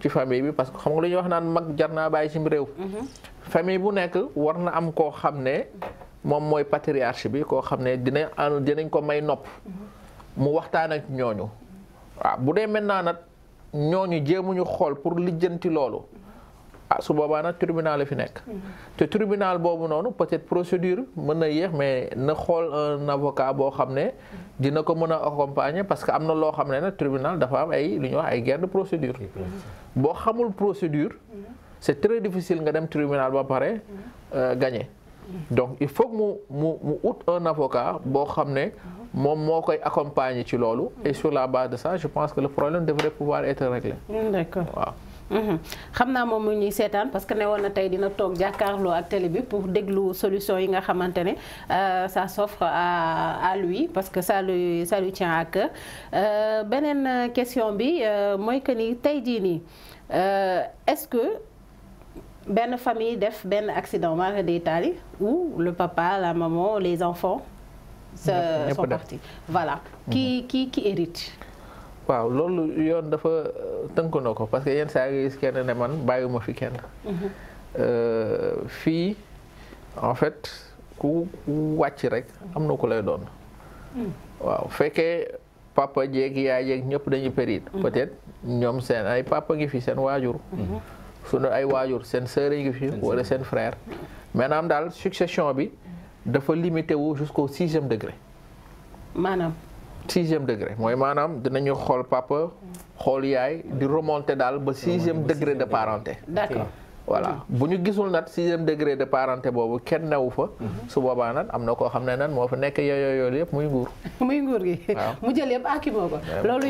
Speaker 2: ci famille bi parce que xam nga lu wax naan mag jar naa bàyyi ci réew. Mhm. bu nekk war na am koo xam ne moom mooy patriarche bi koo xam ne dina dinañ ko may nopp. Mhm. mu waxtaan ak ñooñu. waaw bu dee maintenant nag ñooñu jéemuñu xool pour lijjanti loolu. ah su boobaa nag tribunal la fi nekk. Mm-hmm. te tribunal boobu noonu peut-être procédure mën na yéex mais na xool un avocat boo xam ne. Mm-hmm. dina ko mën a accompagner parce que am na loo xam ne nag tribunal dafa am ay lu ñuy wax ay guerre de procédure. boo xamul procédure. Mm-hmm. c'est très difficile nga dem tribunal ba pare euh, gagner. donc il faut mu mu mu ut un avocat boo xam ne moom moo koy accompagner ci loolu. et sur la base de ça je pense que le problème devrait pouvoir être réglé. Mhm.
Speaker 1: xam naa moom mu ñuy seetaan parce que ne woon na tey dina toog jàkkaarloo ak télé bi pour déglu solution yi nga xamante ne euh, ça s'offre à à lui parce que ça lui ça lui tient à euh, beneen question bi euh, mooy que ni tey jii nii est-ce que benn famille def benn accident mara day taali ou le papa la maman les enfants. ñëpp sont partis voilà. qui mhm. qui qui hérite.
Speaker 2: waaw loolu yoon dafa euh, tënk na ko parce que yenn saa yi gis kenn ne man bàyyiwuma fi kenn. Mhm. Euh, fii en fait ku wàcc rek am na ku lay doon. Mm. waaw fekkee papa jeeg yaay jeeg ñëpp dañuy périr. Mm-hmm. peut-être ñoom seen ay papa ngi fi seen waajur. Mm-hmm. sunu ay waajur seen sœur ngi fi wala seen frère. maanaam daal succession bi dafa limité wu jusqu'au sixième degré. maanaam. sixième degré mooy maanaam dinañu xool papa xool yaay di remonter daal ba sixième degré de parenté d'accord voilà mm-hmm. bu ñu gisul nag sixième degré de parenté boobu kenn newu fa. Mm-hmm. su boobaa nag am na koo xam ne nan moo fa nekk yooyu yooyu yëpp muy nguur. *laughs* muy nguur gi. *laughs* mu
Speaker 1: jël yëpp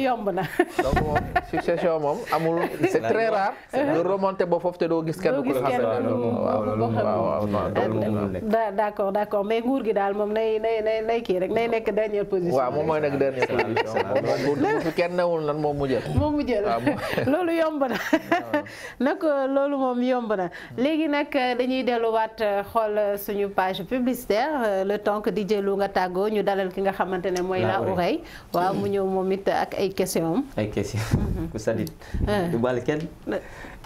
Speaker 1: yomb na. *laughs* donc
Speaker 2: moom succession moom amul. c' est très rare. nga remonté ba foofu te doo gis kenn. doo gis d'
Speaker 1: accord d' accord mais nguur gi daal moom nay nay nay kii rek nay nekk dernière position. waaw moom mooy
Speaker 2: nekk dernière position. moom bu mu jël. mu jël
Speaker 1: loolu yomb na nag loolu moom yomb. yomb mm. léegi nag euh, dañuy delluwaat euh, xool euh, suñu page publicitaire le temps di jëlu nga tàggoo ñu dalal ki nga xamante ne mooy ah la oreille waaw mu ñëw moom it ak ay question am
Speaker 3: ay question mm-hmm. *laughs* ku sadit du bal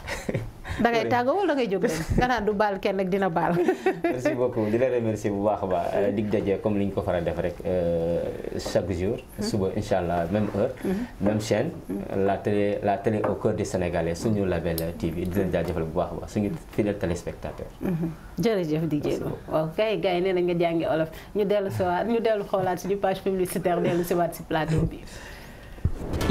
Speaker 1: *laughs* da ngay tàggoo wala da ngay jóg dem *laughs* nga naan du baal kenn rek dina baal. *laughs*
Speaker 3: merci beaucoup di la bu baax baax mm-hmm. dig daje comme li ñu ko faral def rek euh, chaque jour. Mm-hmm. suba incha allah même heure. Mm-hmm. même chaîne. la télé la télé au cœur des Sénégalais suñu label TV di leen jaajëfal bu baax a baax suñu fidèle téléspectateur.
Speaker 1: jërëjëf di jéego waaw kay gars yi nga jàngi olof ñu dellu si waat ñu dellu xoolaat suñu page publicitaire dellu si waat si plateau bi.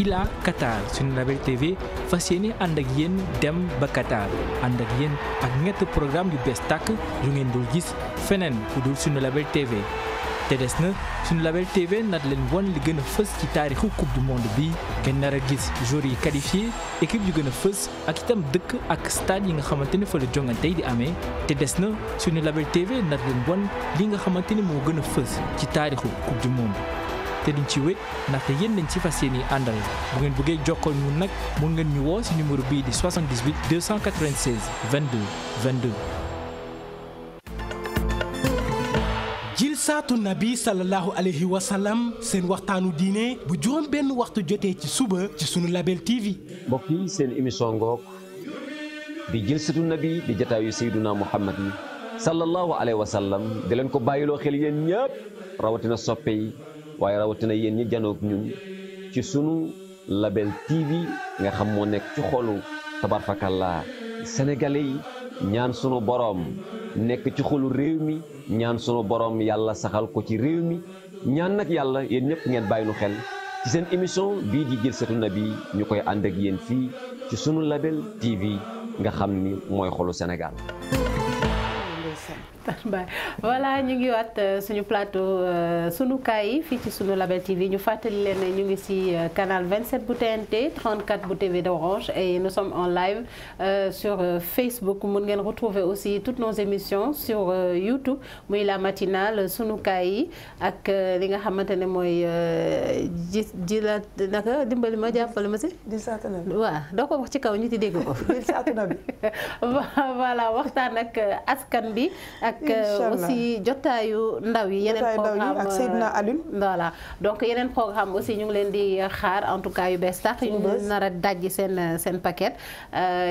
Speaker 4: Ila Qatar suñu Label TV fas yéene ànd ak yéen dem ba Qatar ànd ak yéen ak ñett programme yu bees tàkk yu ngeen dul gis feneen ku dul suñu Label TV te des na suñu Label TV nat leen won li gën a fës ci taarixu coupe du monde bi ngeen nar a gis joueurs yi qualifié équipe yu gën a fës ak itam dëkk ak stade yi nga xamante ni fa la jongante di amee te des na suñu Label TV nat leen won li nga xamante ni moo gën a fës ci taarixu coupe du monde te diñ ci wét ndaxte yéen lañ ci fas yéene àndal bu ngeen bëggee jokkoo ñun nag mun ngeen ñu woo si numéro bii di 78 296 22 22. jilsaatu nabi sallallahu alayhi wa sallam seen waxtaanu diine bu juróom benn waxtu jotee ci suba ci sunu Label TV. mbokk yi seen
Speaker 5: émission ngoog di jilsatu nabi di jataayu sayduna muhammad yi sallallahu alayhi wa sallam di leen ko bàyyiloo xel yéen ñëpp rawatina soppe yi. waaye rawatina yéen ñi janoog ñun ci sunu Label TV nga xam moo nekk ci xolu tabarfakalla sénégalais yi ñaan sunu boroom nekk ci xolu réew mi ñaan sunu boroom yàlla saxal ko ci réew mi ñaan nag yàlla yéen ñëpp ngeen bàyyi nu xel ci seen émission bii di Jël Seetu Nabi ñu koy ànd ak yéen fii ci sunu Label TV nga xam ni mooy xolu senegal
Speaker 1: voilà ñu ngi waat euh, suñu plateau euh, sunu kaay yi fii ci sunu Label TV ñu fàttali leen ñu ngi si euh, canal 27 bu TNT 34 bu TV d'Orange et nous sommes en live sur Facebook mën ngeen retrouver aussi toutes nos émissions sur YouTube muy la matinale sunu kaay yi ak li nga xamante ne mooy ji ji la naka dimbali ma jàppale ma si. di saatana bi waaw doo ko wax ci kaw ñu ci dégg ko. di *laughs* waxtaan ak askan bi ak euh, aussi jotaayu ndaw yi yeneen programme ak Seydina euh, Alioune voilà donc yeneen programme aussi ñu ngi leen di xaar en tout yu bees tax yu nar a dajji seen euh, seen paquet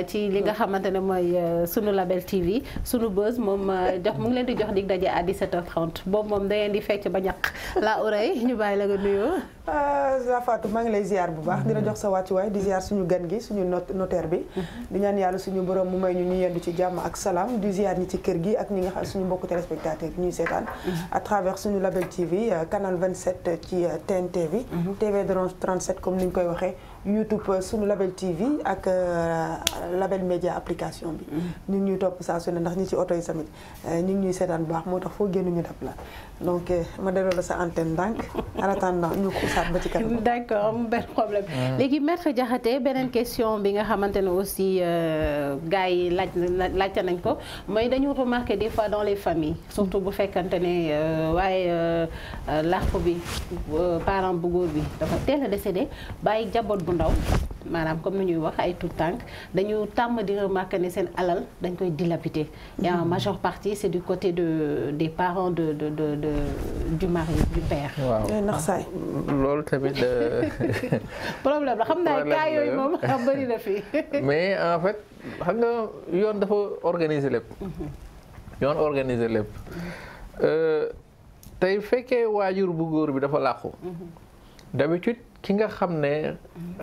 Speaker 1: ci li nga xamante ne mooy sunu label TV sunu buzz moom jox mu ngi leen di jox dig daje à 17h30 boobu moom da ngeen di fecc ba ñaq la oreille ñu bàyyi la nga
Speaker 6: nuyoo Zafatou maa ngi lay ziar bu baax dina jox sa wàccuwaay di ziar suñu gan gi suñu notaire bi mm-hmm. di ñaan yàlla suñu borom mu may ñu ñu yendu ci jàmm ak salaam di ziar kër gi ak ñi nga xam suñu mbokku téléspectateurs yi ñuy seetaan. Mm-hmm. à travers suñu label TV vingt 27 ci TNT bi. TV de 37 comme ni ñu koy waxee. YouTube euh, sunu Label TV ak euh, Label Média application bi. Mm-hmm. ñu ngi ñuy topp saa su ndax ñu ci oto yi tamit euh, ñu ñuy seetaan baax moo tax foo génn ñu dab la donc ma delloo la sa antenne ndànk *laughs* en attendant
Speaker 1: ñu ko saat ba ci kan *laughs* d' accord amul benn problème. léegi maître beneen question bi nga xamante ne aussi gars yi laaj laajte nañ ko mooy dañu remarqué des fois dans les familles surtout bu fekkante ne waaye làkk bi parent bu góor bi dafa teel a décédé bàyyi jaboot bu ndaw maanaam comme nu ñuy wax ay tout tànk dañu tàmm di remarquer ne seen alal dañ koy dilapider. et en mm-hmm. majeure partie c' est du côté de des parents de de de, de du mari du père. waaw ndax saay
Speaker 2: loolu tamit. Euh,
Speaker 1: *laughs* problème la xam naa cas yooyu moom *laughs* bëri na fi. *laughs*
Speaker 2: mais en fait xam nga yoon dafa organiser lépp. Mm-hmm. yoon organiser lépp. Mm-hmm. Euh, tey fekkee waajur bu góor bi dafa làqu. d' ki nga xam ne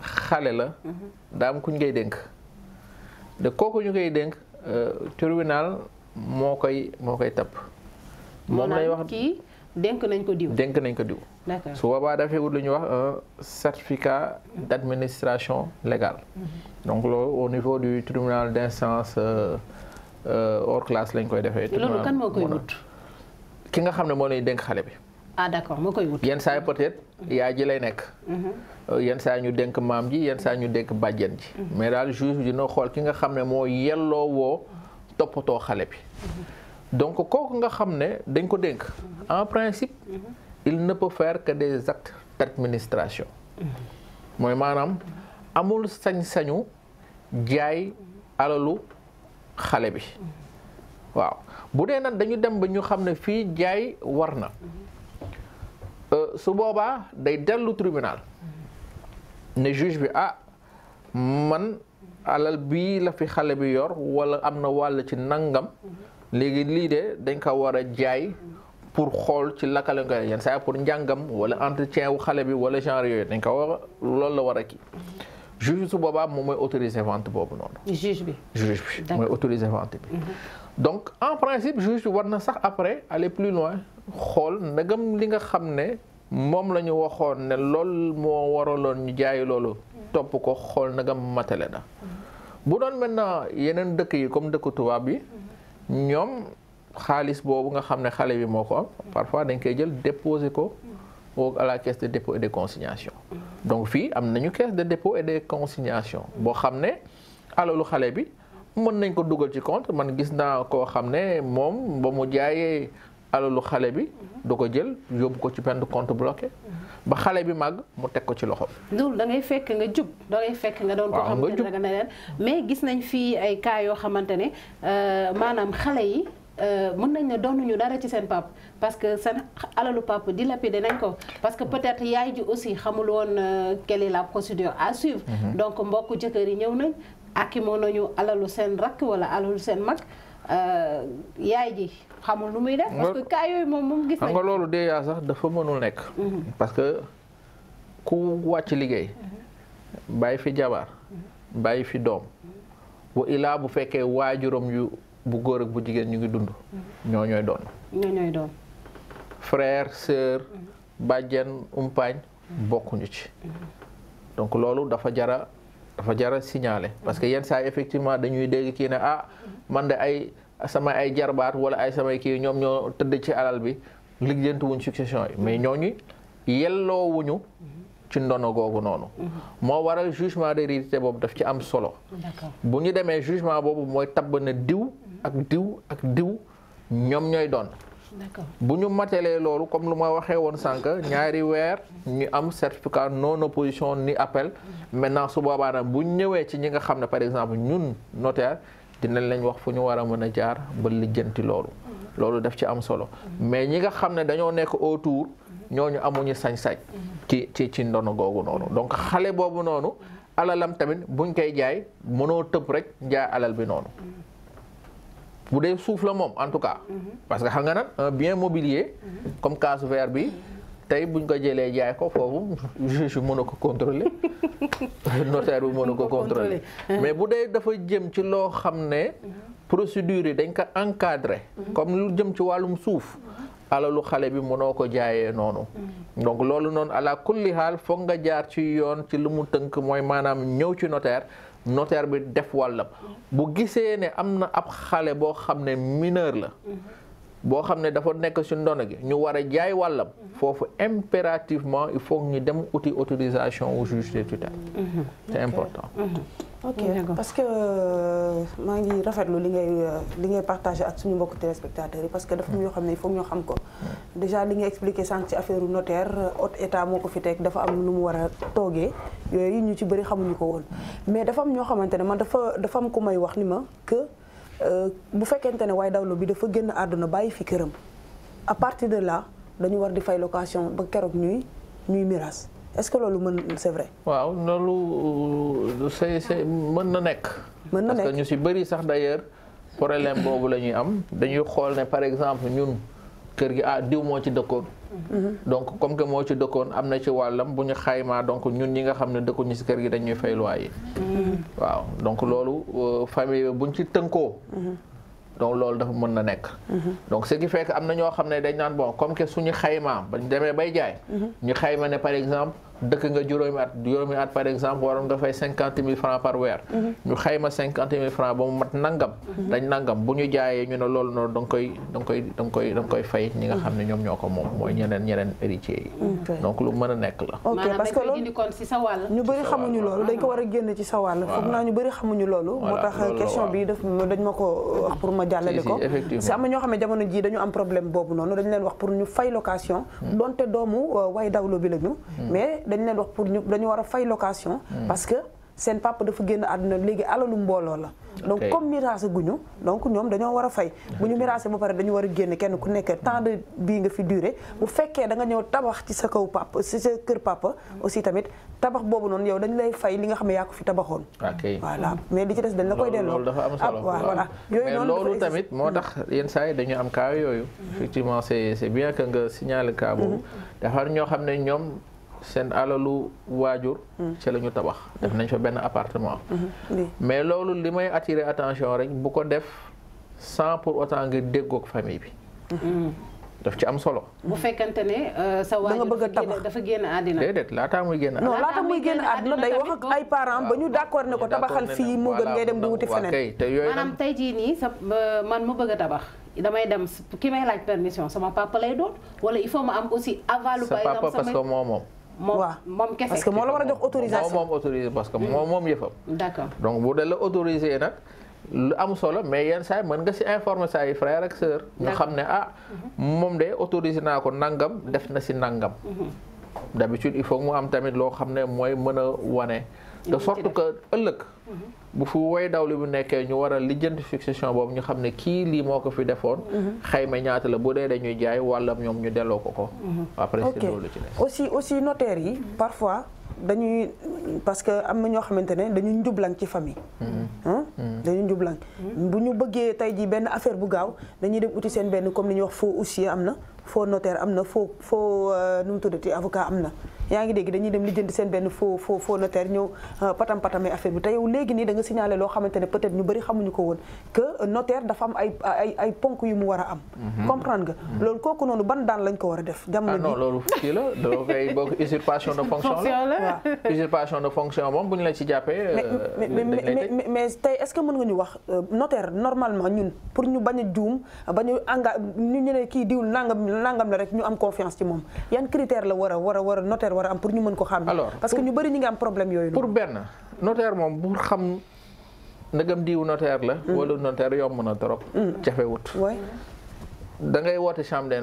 Speaker 2: xale la daam am kuñ ngay dénk de kooku ñu koy dénk euh, tribunal moo koy moo koy tapp moom lay wax
Speaker 1: kii dénk nañ
Speaker 2: ko diw dénk nañ ko diw su boobaa dafay wut lu ñuy wax un certificat d'administration légale mhm. donc loolu au niveau du tribunal d'instance euh, euh, hors classe lañ koy defee loolu ki nga xam ne moo lay dénk xale bi
Speaker 1: ah d'accord moo koy
Speaker 2: wut. yenn saa yi peut-être mm-hmm. yaay ji lay nekk. Mm-hmm. Euh, yenn saa ñu dénk maam ji yenn saa ñu dénk bàjjen ji. Mm-hmm. mais daal juge bi dina xool ki nga xam ne moo yelloo woo toppatoo xale bi. donc kooku nga xam ne dañ ko dénk. en principe. il ne peut faire que des actes d'administration. mooy maanaam amul sañ-sañu jaay alalu xale bi. waaw bu dee nag dañu dem ba ñu xam ne fii jaay war na. Euh, su boobaa day dellu tribunal ne juge bi ah man alal bii la fi xale bi yor wala am na wàll ci nangam léegi lii de dañ ko war a jaay pour xool ci laka lañ koy yenn pour njàngam wala entretien wu xale bi wala genre yooyu dañ ko war a loolu la war a kii juge bi su boobaa moom mooy autoriser vente boobu noonu. juge bi juge bi mooy autoriser vente bi. Mhm. donc en principe juge bi war na sax après aller plus loin. xool ndegam li nga xam ne moom la ñu waxoon ne lool moo waraloon ñu jaay loolu topp ko xool ndegam matele na bu doon maintenant yeneen dëkk yi comme dëkk tubaab yi ñoom xaalis boobu nga xam ne xale bi moo ko am parfois dañ koy jël déposer ko au à la caisse de dépôt donc fii am nañu caisse de dépôt et de boo xam ne alalu xale bi mën nañ ko dugal ci compte man gis naa koo xam ne moom ba mu jaayee alalu xale bi du ko jël yóbbu ko ci benn compte bloqué ba xale bi màgg mu teg ko ci loxo.
Speaker 1: loolu da ngay fekk nga jub da fekk nga doon ko xam ne danga leen mais gis nañ fii ay cas yoo xamante ne euh, maanaam xale yi euh, mën nañ ne doonuñu dara ci seen pap parce que seen alalu pap di de nañ ko parce que peut-être yaay ji aussi xamul woon euh, quelle est la à suivre. Mhm. donc mbokk jëkkër yi ñëw nañ. akimoon nañu alalu seen rakk wala alalu seen mag yaay ji. xamul nu muy def. parce que cas yooyu moom moom gis xam nga
Speaker 2: loolu déjà sax dafa mënul nekk. Mhm. parce que ku wàcc liggéey. Mhm. bàyyi fi jabar. Mhm. bàyyi fi doom. wa ilaa bu fekkee waajuram yu bu góor ak bu jigéen ñu ngi dund. ñoo ñooy doon. ñoo ñooy doon. umpaañ. bokkuñu ci. donc loolu dafa jara dafa jara signaler parce que yenn saa effectivement dañuy dégg kii ne ah man de ay. sama ay jarbaat wala ay samay kii ñoom ñoo tëdd ci alal bi lijjanti wuñ succession yi mais ñoo ñooñu yelloowuñu ci ndono googu noonu. Mhm. moo waral jugement d'hérédité boobu daf ci am solo. bu ñu demee jugement boobu mooy tabb na diw ak diw ak diw ñoom ñooy doon. bu ñu matelee loolu comme lu ma waxee woon sànq ñaari weer ñu am certificat non opposition ni appel. Mhm. maintenant su bu ñëwee ci ñi nga xam ne par exemple ñun notaire. dinañ lañ wax fu ñu war a mën a jaar ba lijjanti loolu loolu daf ci am solo mais ñi nga xam ne dañoo nekk autour ñu amuñu sañ-sañ ci ci ci ndono googu noonu donc xale boobu noonu alalam tamit buñ koy jaay mënoo tëb rek jaay alal bi noonu bu dee suuf la moom en tout cas mm-hmm. parce que xam nga nag bien mobilier mm-hmm. comme casu vert bi tey buñ ko jëlee jaay ko foofu juge bi mën a ko contrôler *laughs* notaire bi mën a ko contrôler mais bu dee dafa jëm ci loo xam ne mhm. procédure yi dañ ko encadrer mhm. comme lu jëm ci wàllum suuf mhm. alalu xale bi mënoo ko jaayee noonu donc loolu noonu ala kulli xaal foog nga jaar ci yoon ci lu mu tënk mooy maanaam ñëw ci notaire notaire bi def wàllam bu gisee ne am na ab xale boo xam ne mineur la boo xam ne dafa nekk si ndono gi ñu war a jaay wàllam mhm. foofu impérativement il faut ñu dem uti autorisation au juge de tutelle
Speaker 6: mhm. c'est important mhm. ok parce que euh, maa ngi rafetlu li ngay euh, li ngay partagé ak suñu mbokk téléspectateurs yi parce que dafa am yoo xam ne il ñoo xam ko déjà li nga expliqué sànq affaire notaire haute état ko fi teg dafa lu mu war a toogee ñu ci bëri xamuñu ko mais dafa am ñoo xamante ne man dafa dafa am ku may wax ni ma Euh, bu fekkente ne waaye dawlo bi dafa génn àdduna bàyyi fi këram à partir de là dañu war di fay location ba keroog ñuy ñuy miraas est-ce que loolu mën se vrai.
Speaker 2: waaw loolu euh, c'est c'est mën na nekk. mën na nekk ñu si bëri sax pour problème boobu la ñuy am dañuy xool ne par exemple ñun kër gi ah diw moo ci dëkkoon. donc comme que moo ci dëkkoon am na ci wàllam bu ñu xaymaa donc ñun ñi nga xam ne dëkkuñu si kër gi dañuy fay loyer waaw donc loolu euh, famille bi buñ ci tënkoo donc loolu dafa mën na nekk donc ce qui fekk que am na ñoo xam ne dañ naan boo comme que suñu xaymaa ba demee bay jaay ñu xayma ne par exemple dëkk nga juróomi at juróomi at par exemple waroon nga fay cinquante mille francs par weer. Mhm. ñu xayma cinquante mille francs ba mu mat nangam. Mhm. dañ nangam bu ñu jaayee ñu ne loolu noonu koy da nga koy da fay xam ne ñoom ñoo ko moom mooy ñeneen ñeneen héritiers lu mën nekk la. ok parce
Speaker 6: ñu bëri xamuñu loolu dañ ko war a génn ci sa wàll. foog naa ñu bëri xamuñu loolu. moo tax question bi dañ ma ko wax pour ma jàllale ko. effectivement si am na ñoo xam ne jamono jii dañu am problème boobu noonu dañ leen wax pour ñu fay location. Hmm. donte doomu euh, way dawlo bi lañu hmm. mais dañu leen wax pour ñu dañu war a fay location. Hmm. parce que seen papa dafa génn àdduna léegi alalu mbooloo la. donc comme miraase guñu donc ñoom dañoo war a fay. bu ñu miraase ba pare dañu war a génn kenn ku nekk temps de nga fi duré. bu fekkee da nga ñëw tabax ci sa kaw papa kër papa. aussi tamit tabax boobu noonu yow dañu lay fay li nga xam ne yaa ko fi tabaxoon.
Speaker 2: voilà mais
Speaker 6: li ci des dañ la koy delloo. loolu dafa am solo ah, voilà. yooyu noonu loolu tamit
Speaker 2: moo tax hmm. yenn saa yi dañu am cas yooyu. Hmm. effectivement c'est c'est bien que nga signale cas boobu. dafa ñoo xam ne ñoom. seen alalu waajur. Mm. ci la ñu tabax. def nañ fa benn appartement. Mm-hmm. Mm-hmm. mais loolu li may attirer attention rek bu ko def sans pour autant nga déggoog famille bi. Mm-hmm. Mm. daf ci am solo. bu
Speaker 1: fekkante ne euh, sa waajur dafa génn àddina.
Speaker 2: déedéet laata muy génn àddina. non laata
Speaker 1: muy génn
Speaker 6: àddina day wax
Speaker 2: ak ay parents ba ñu d'accord ne ko tabaxal fii moo gën ngay dem di wuti feneen. te yooyu maanaam
Speaker 1: tey jii nii sa euh, man mu bëgg a tabax. damay dem ki may laaj permission sama papa lay doon wala il faut ma am aussi avalu. par exemple sa papa parce que moo moom. moom moom
Speaker 6: kese parce que moo la war
Speaker 2: a jox autorisation moom moom autorisé parce que moom moom yëfam. d'accord donc bu dee la autorisé nag. lu am solo mais yenn saa mën nga ci informer saa yi frère ak sœur. ñu xam ne ah. moom de autorisé naa ko nangam def na ci nangam. Mm-hmm. d'habitude il faut mu am tamit loo xam ne mooy mën a wane. de sorte que ëllëg. Mm-hmm. bu fu woy dawli bu nekkee ñu waral a lijjanti succession boobu ñu xam ne kii lii moo ko fi defoon. Mhm. xayma ñaata la bu dee dañuy jaay wàllam ñoom ñu delloo ko ko.
Speaker 6: Mhm. après c'est loolu ci nekk. aussi aussi notaire yi parfois dañuy parce que am na ñoo xamante ne dañuy njublang ci famille. Mhm. dañuy njublang bu ñu bëggee tey jii benn affaire bu gaaw dañuy dem uti seen benn comme li ñuy wax faux huissier am na. faux notaire am na faux faux euh, nu mu tuddati avocat am na yaa ngi dégg dañuy dem lijjanti seen benn faux faux notaire euh, da nga signalé loo xamante ne peut-être ñu a am. Mhm. comprendre nga mhm. loolu a da ah koy *laughs* euh, ñun pour ñu bañ a juum bañ a engagé ñu ne kii diwul nangam nangam la rek ñu am confiance ci moom yan critère la war a war a war a war a am pour
Speaker 2: ñu mën ko xam. alors parce que ñu bëri ñi nga am problème yooyu. pour benn moom bu xam ndegam diw notaire la. Hmm. wala notaire yomb na trop. Hmm. jafewut da ngay woote chambre des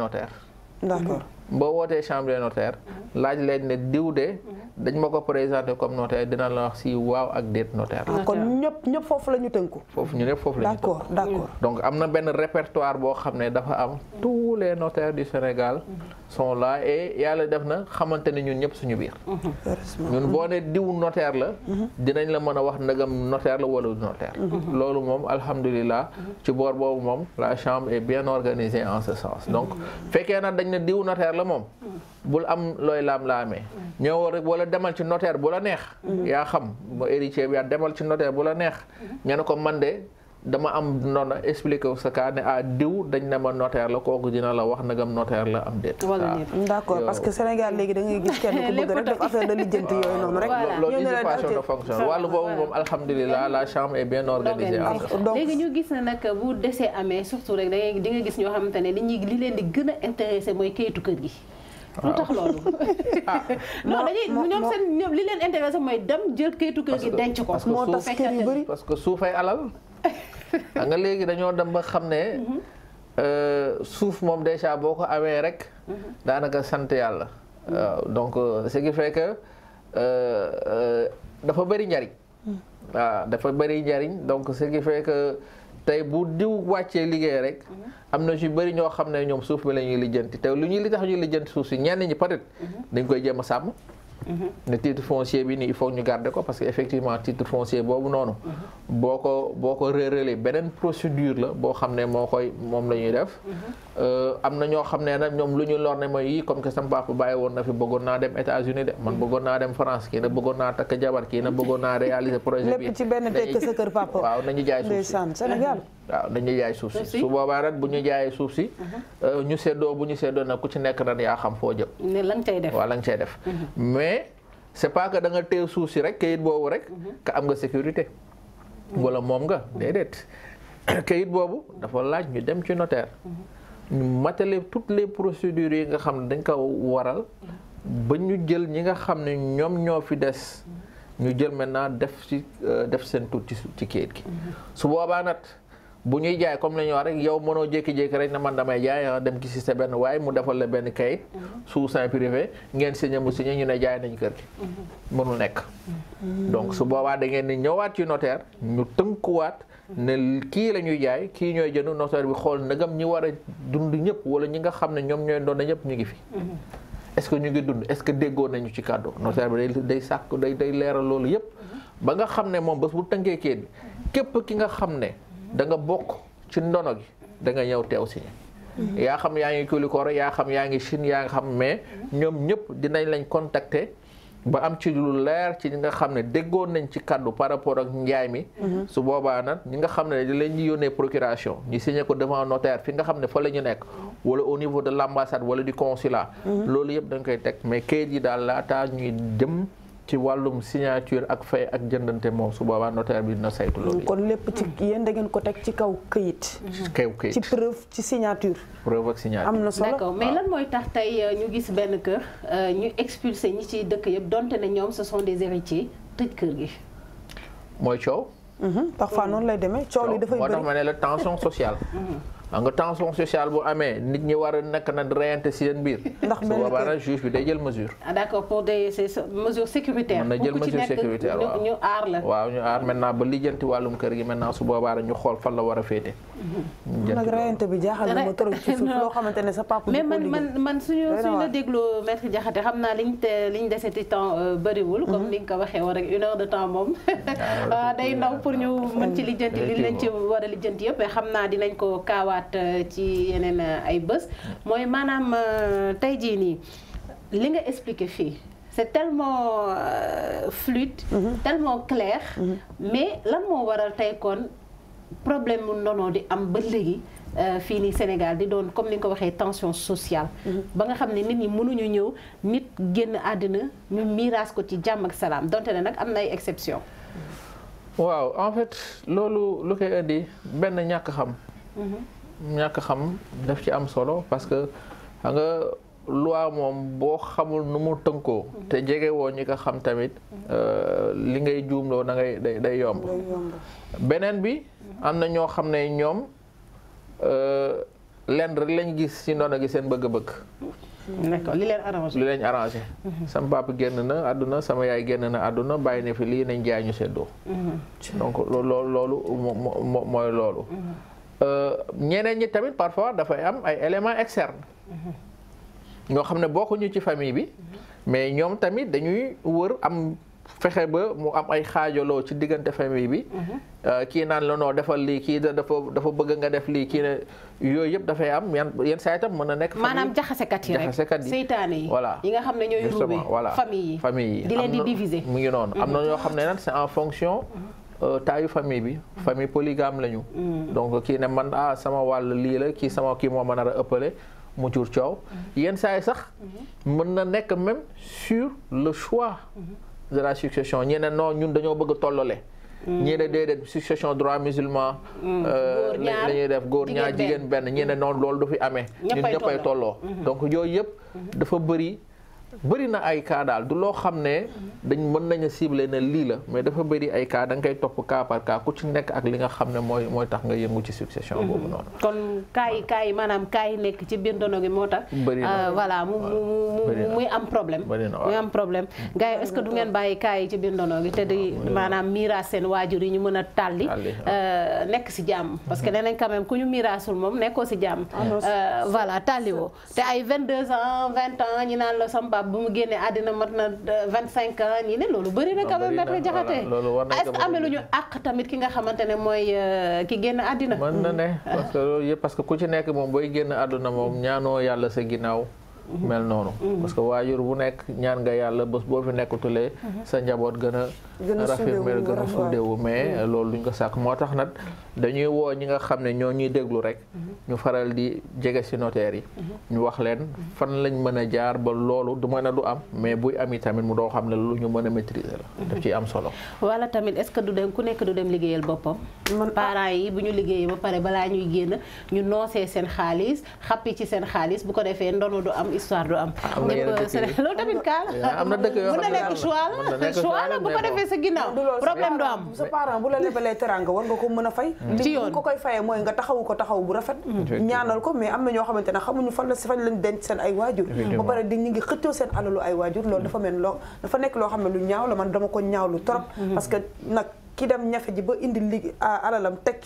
Speaker 2: d'accord boo wootee chambre notaire mhm. laaj leen ne diw de mhm. dañ ma ko présenté comme notaire dina la wax si waaw ak déet notaire la. Ah, kon
Speaker 6: ñëpp ñëpp foofu la ñu tënku.
Speaker 2: foofu ñu ñëpp foofu la ñu tënku d'accord. donc am na benn répertoire boo xam ne dafa am mhm. tous les notaires du Sénégal. sont là et yàlla def na xamante ne ñun ñëpp suñu biir.
Speaker 7: Mhm. ñun boo
Speaker 2: ne diw notaire la. Mhm. dinañ la mën a wax ndagam notaire la wala notaire. Mhm. loolu moom alhamdulilah. ci boor boobu moom la chambre est bien organisée en ce sens donc fekkee na dañ ne diw notaire la moom. bul am looy laam-laamee. ñëw rek wala demal ci notaire bu la neex. yaa xam ba héritier bi yaa demal ci notaire bu la neex. nga ne ko man de dama am noonu expliqué sa cas ne ah diw dañ ne ma notaire la kooku dina la wax nagam notaire la am déet. wala
Speaker 6: d'accord parce que Sénégal léegi da gis kenn ku bëgg rek def affaire la lijjanti yooyu noonu rek. loolu usurpation
Speaker 2: de moom alhamdulilah la chambre
Speaker 1: ne nag bu desee amee surtout nga gis ñoo xamante ne li ñuy li leen di gën a intéressé mooy kayitu kër gi. lu tax loolu. *laughs* ah non dañuy dem jël kayitu kër denc ko. moo tax kër
Speaker 2: yu parce que suufay alal. *laughs* xam nga léegi dañoo dem ba xam ne mm-hmm. euh, suuf moom déjà boo ko amee rek mm-hmm. daanaka sant yàlla mm-hmm. donc euh, ce gi fait que euh, dafa bëri njariñ waaw dafa bëri njariñ donc ce qui fait tey bu diw wàccee liggéey rek am na ci bëri ñoo xam ne ñoom suuf bi la ñuy lijjanti te lu ñuy li tax ñuy lijjanti suuf si ñenn ñi peut-être dañ koy jéem sàmm ne titre foncier bi ni il ñu garder ko parce que effectivement titre foncier boobu noonu. boo ko boo ko réeralee beneen procédure la boo xam ne moo koy moom la ñuy def. Euh, am na ñoo xam ne nag ñoom lu ñu lor ne mooy yi comme que sama papa bàyyi woon na fi bëggoon naa dem États-Unis de man bëggoon naa dem France kii na bëggoon naa takk jabar kii na bëggoon naa réaliser projet bi lépp ci benn sa kër papa waaw nañu jaay suuf si Sénégal *laughs* waaw nañu jaay su boobaa nag bu ñu jaayee suuf si mhm. euh, ñu seddoo bu ñu seddoo nag ku ci nekk nag yaa xam foo jëm ne lan cay def waaw lan cay def mhm. mais c'est pas que da nga teew suuf si rek kayit boobu rek ka mhm. am nga sécurité wala moom nga déedéet *clears throat* kayit boobu dafa laaj ñu dem ci notaire ñu matale toutes les procédures yi nga xam ne dañ ko waral ba ñu jël ñi nga xam ne ñoom ñoo fi des ñu jël maintenant def ci euh, def seen tur ci ci kayit gi su boobaa nag bu ñuy jaay comme la ñu wax rek yow mënoo jékki-jékki rek ne man damay jaay ah, dem ci sa benn waaye mu defal la benn kayit sous seing privé ngeen signé mu signé ñu ne jaay nañu kër gi mm-hmm. mënul nekk
Speaker 7: mm-hmm. donc su
Speaker 2: boobaa da ngeen ñëwaat ci notaire ñu tënkuwaat ne kii la ñuy jaay kii ñooy jënd notaire bi xool ndegam ñi war a dund ñëpp wala ñi nga xam ne ñoom ñooy doon na ñëpp ñu ngi fii mm-hmm. est-ce que ñu ngi dund est-ce que déggoo nañu ci kàddu notaire bi day day sàkk day day leeral loolu yëpp. Mm-hmm. ba nga xam ne moom ba bu tënkee kii bi mm-hmm. képp ki nga xam ne da nga bokk ci ndono gi da nga ñëw teew si. yaa xam yaa ngi Koulikoro yaa xam yaa ngi Chine yaa nga xam mais ñoom ñëpp dinañ lañ contacter ba am ci lu leer ci ñi nga xam ne déggoon nañ ci kaddu par rapport ak njaay mi. Mhm. su boobaa nag ñi nga xam ne dañ leen procuration ñu signé ko devant notaire fi nga xam ne fa la nekk. wala au niveau de l' ambassade wala du consulat. Mhm. loolu yëpp dañ koy teg mais kayit yi daal laataa ñuy dem. ci wàllum signature ak fay ak jëndante moom su boobaa notaire bi dina saytu loolu.
Speaker 6: kon lépp ci yéen da ngeen ko teg ci kaw këyit. kaw këyit ci preuve ci signature.
Speaker 2: preuve ak signature am na solo
Speaker 1: mais lan mooy tax tey euh, ñu gis benn kër euh, ñu expulsé ñi ciy dëkk yëpp donte ne ñoom sa sont des héritiers tëj kër gi.
Speaker 2: mooy coow. Mhm. parfois noonu lay demee coow li dafay bëri moo tax ma ne la tension sociale. Mhm. xam nga tension sociale bu amee nit ñi war a nekk na reyante si seen biir. ndax su boobaa nag juge bi day jël mesure.
Speaker 1: ah d'accord pour na jël mesure sécuritaire waaw ñu aar la. waaw
Speaker 2: ñu aar maintenant ba lijjanti wàllum kër gi maintenant su boobaa nag ñu xool fan la war a féete.
Speaker 1: Mm-hmm. nag reyante bi jaaxal na ma trop ci *laughs* ne sa papa. mais man man man suñu suñu la dégloo xam naa liñ te liñ dese ci temps euh, bëriwul. comme mm-hmm. ni ko waxee woon rek une heure de temps moom. *laughs* Ah, *laughs* ah, day ndaw pour ñu ah, mën ci lijjanti li lañ ci war a lijjanti yëpp mais xam naa dinañ ñëwaat euh, ci yeneen euh, ay bés mooy maanaam euh, tey jii nii li nga expliqué fii c'est telement fluide mhm. tellement clair mhm. mais lan moo waral tey kon problème mu ndono di am ba léegi fii nii Sénégal di doon comme ni nga ko waxee tension sociale mhm. ba nga xam ne nit ñi mënuñu ñëw nit génn àddina ñu miiras ko ci jàmm ak salaam donte ne nag am na ay exception
Speaker 2: waaw en fait loolu lu koy indi benn ñàkk xam ñàkk xam daf ci am solo parce que xam nga loi moom boo xamul nu mu tënkoo te jege woon ñi ko xam tamit euh, li ngay juumloo da day day yomb beneen bi am na ñoo xam ne ñoom euh, lenn rek lañ gis ci ndono gi seen bëgg-bëgg d'accord li leen arrangé li leen arrangé mhm. sama papa génn na àdduna sama yaay génn na àdduna bàyyi na fi li nañ jaay ñu seddoo mhm. donc loolu loolu mooy loolu mhm. Euh, ñeneen ñi tamit parfois dafay am ay éléments externes ñoo xam ne bokkuñu ci famille bi mais ñoom tamit dañuy wër am fexe ba mu am ay xaajaloo ci diggante famille bi euh, kii naan la noo defal lii kii dafa dafa bëgg nga def lii kii ne yooyu yëpp dafay am yan yenn saa itam mën a nekk maanaam jaxasekat yi rek jaxasekat yi seytaane yi voilà yi
Speaker 1: nga xam ne ñooy ruube voilà famille yi
Speaker 2: famille yi mu ngi noonu am na mhm. ñoo xam ne nag c'est en fonction mhm. Euh, taayu famille bi mm. famille polygame lañu. Mm. donc kii ne man a ah, sama wàll lii la kii sama kii moo mën a ëppale mu jur coow. Mm-hmm. yenn saay sax mm-hmm. mën na nekk même sur le choix mm-hmm. de la succession ñi ne ñun dañoo bëgg a tollale. Mm. ñii ne déedéet succession droit musulman. Euh, la ñuy def góor ñaar jigéen benn ñii ne noonu loolu du fi amee. ñun ñëppay tolloo donc yooyu yëpp dafa bëri. bëri na ay cas daal du loo xam ne dañ mën nañ a ciblé ne lii la mais dafa bëri ay cas da nga koy topp cas par cas ku ci nekk ak li nga xam ne mooy tax nga yëngu ci succession boobu mhm. noonu
Speaker 1: kon cas yi cas yi maanaam cas yi nekk ci biir ndono gi moo tax euh, voilà mu mu muy am problème muy am problème mm. du ngeen bàyyi cas ci biir ndono gi te di maanaam miiraas seen waajur yi ñu mën a tàlli euh, nekk si jàmm parce que nee nañ quand même ku ñu miiraasul moom nekkoo si jàmm ah euh, voilà tàlliwoo te ay 22 ans 20 ans ñi naan la samba Pape ba mu génnee àddina mat na euh, vingt cinq ans nii ne loolu bëri na quand même Maître Diakhaté
Speaker 2: est-ce que amee
Speaker 1: lu ñu àq tamit ki nga xamante ne mooy euh, ki génn àddina mën
Speaker 2: na ne parce loolu yëpp parce que ku ci nekk moom booy génn àdduna moom ñaanoo yàlla sa ginnaaw mel noonu mm-hmm. parce waajur bu nekk ñaan nga yàlla bés boo fi nekkatulee mm-hmm. sa njaboot gën a rafirmer gën a sundewu mais mm-hmm. loolu duñ ko sàkk moo tax nag dañuy woo ñi nga xam ne ñoo ñuy déglu rek ñu faral di jege ci notaire yi ñu wax leen fan lañ mën a jaar ba loolu du mën a du am mais buy am i tamit mu doo xam ne lu ñu mën a maîtriser la daf ciy am solo
Speaker 1: wala tamit est du dem ku nekk du dem liggéeyal boppam parents yi bu ñu liggéeyee ba pare balaa ñuy génn ñu noosee histoire du am. ñëpp loolu tamit kaa la. am na dëkk yoo xam ne mën na nekk choix la choix la bu ko defee sa ginnaaw problème du am. sa parent bu la lebalee teranga war
Speaker 6: nga ko mën a fay. Mm. ci ko koy fayee mooy nga taxawu ko taxaw bu rafet. Mm. ñaanal ko mais am na ñoo xamante ne xamuñu fan la si fan lañ denc seen ay waajur. ba pare di ñu ngi xëccoo seen alalu ay waajur loolu dafa mel loo dafa nekk loo xam ne lu ñaaw la man dama ko ñaawlu trop mm-hmm. parce nag ki dem ñafe ji ba indi li alalam teg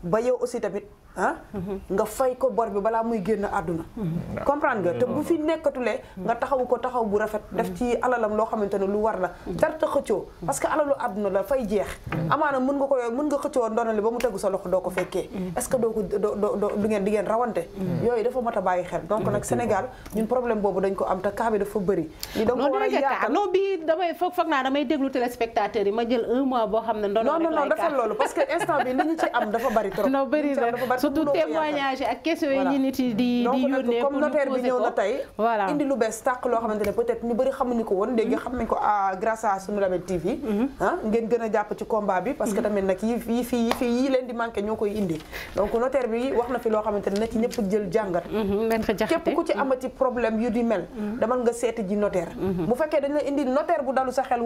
Speaker 6: ba yow aussi tamit ah. Mhm. nga fay ko bor bi balaa muy génn àdduna. Mhm. comprendre nga mm-hmm. te bu fi nekkatulee. nga taxawu ko taxaw bu rafet. def mm-hmm. ci alalam loo xamante ne lu war la. darta mm-hmm. xëccoo parce que alalu àdduna la fay jeex. amaana mën nga ko mën nga xëccoo ndonale ba mu tegu sa loxo doo ko fekkee. est-ce que doo ko doo doo du ngeen di ngeen rawante. yooyu dafa mat a bàyyi xel donc nag Sénégal ñun problème boobu dañ ko am te cas bi dafa
Speaker 1: bëri. li da nga ko war a yaatal non bii damay foog foog naa damay déglu téléspectateur yi ma jël un mois boo xam ne. ndono non non defal loolu parce que instant bi li ñu ci am dafa bari bëri trop non bëri na surtout témoignage ak questions yi ñu nit yi di di yónnee comme notaire bi ñëw na tey voilà indi lu bees tàq loo
Speaker 6: xamante ne peut être ñu bëri xamuñu ko woon léegi xam nañ ko ah, grâce à sunu Label TV mm-hmm. ah gën a jàpp ci combat bi parce que mm-hmm. tamit nag yi yi yi leen di manqué ñoo koy indi donc notaire bi wax na fi loo xamante ne ñëpp jël jàngat mm-hmm. képp ku ci amati problème yu di mel demal nga seeti ji notaire bu fekkee dañ indi notaire bu dalu sa xel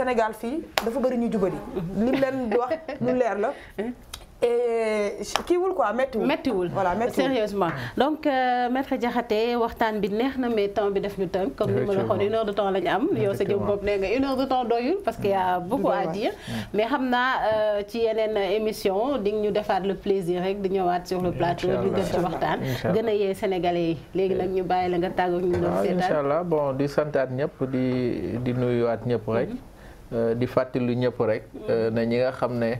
Speaker 6: Sénégal fii dafa bëri ñu jubali.
Speaker 1: lim leen di wax lu leer la. kiiwul quoi méttiwul méttiwul voilà méttiwul sérieusement donc euh, maître Diakhaté waxtaan bi neex na mais temps bi def ñu tënk comme ni ma la waxoon une heure temps doyul parce que y a beaucoup mais xam naa euh, ci yeneen émission di ñu defaat le plaisir rek di ñëwaat sur le plateau ñu def ci waxtaan gën a yee sénégalais yi léegi nag ñu bàyyi la nga tàggu ñu doon ah, seetaan incha
Speaker 2: allah bon di santaat ñëpp di di nuyuwaat ñëpp rek mhm. Euh, di fàttali ñëpp rek euh, na ñi nga xam ne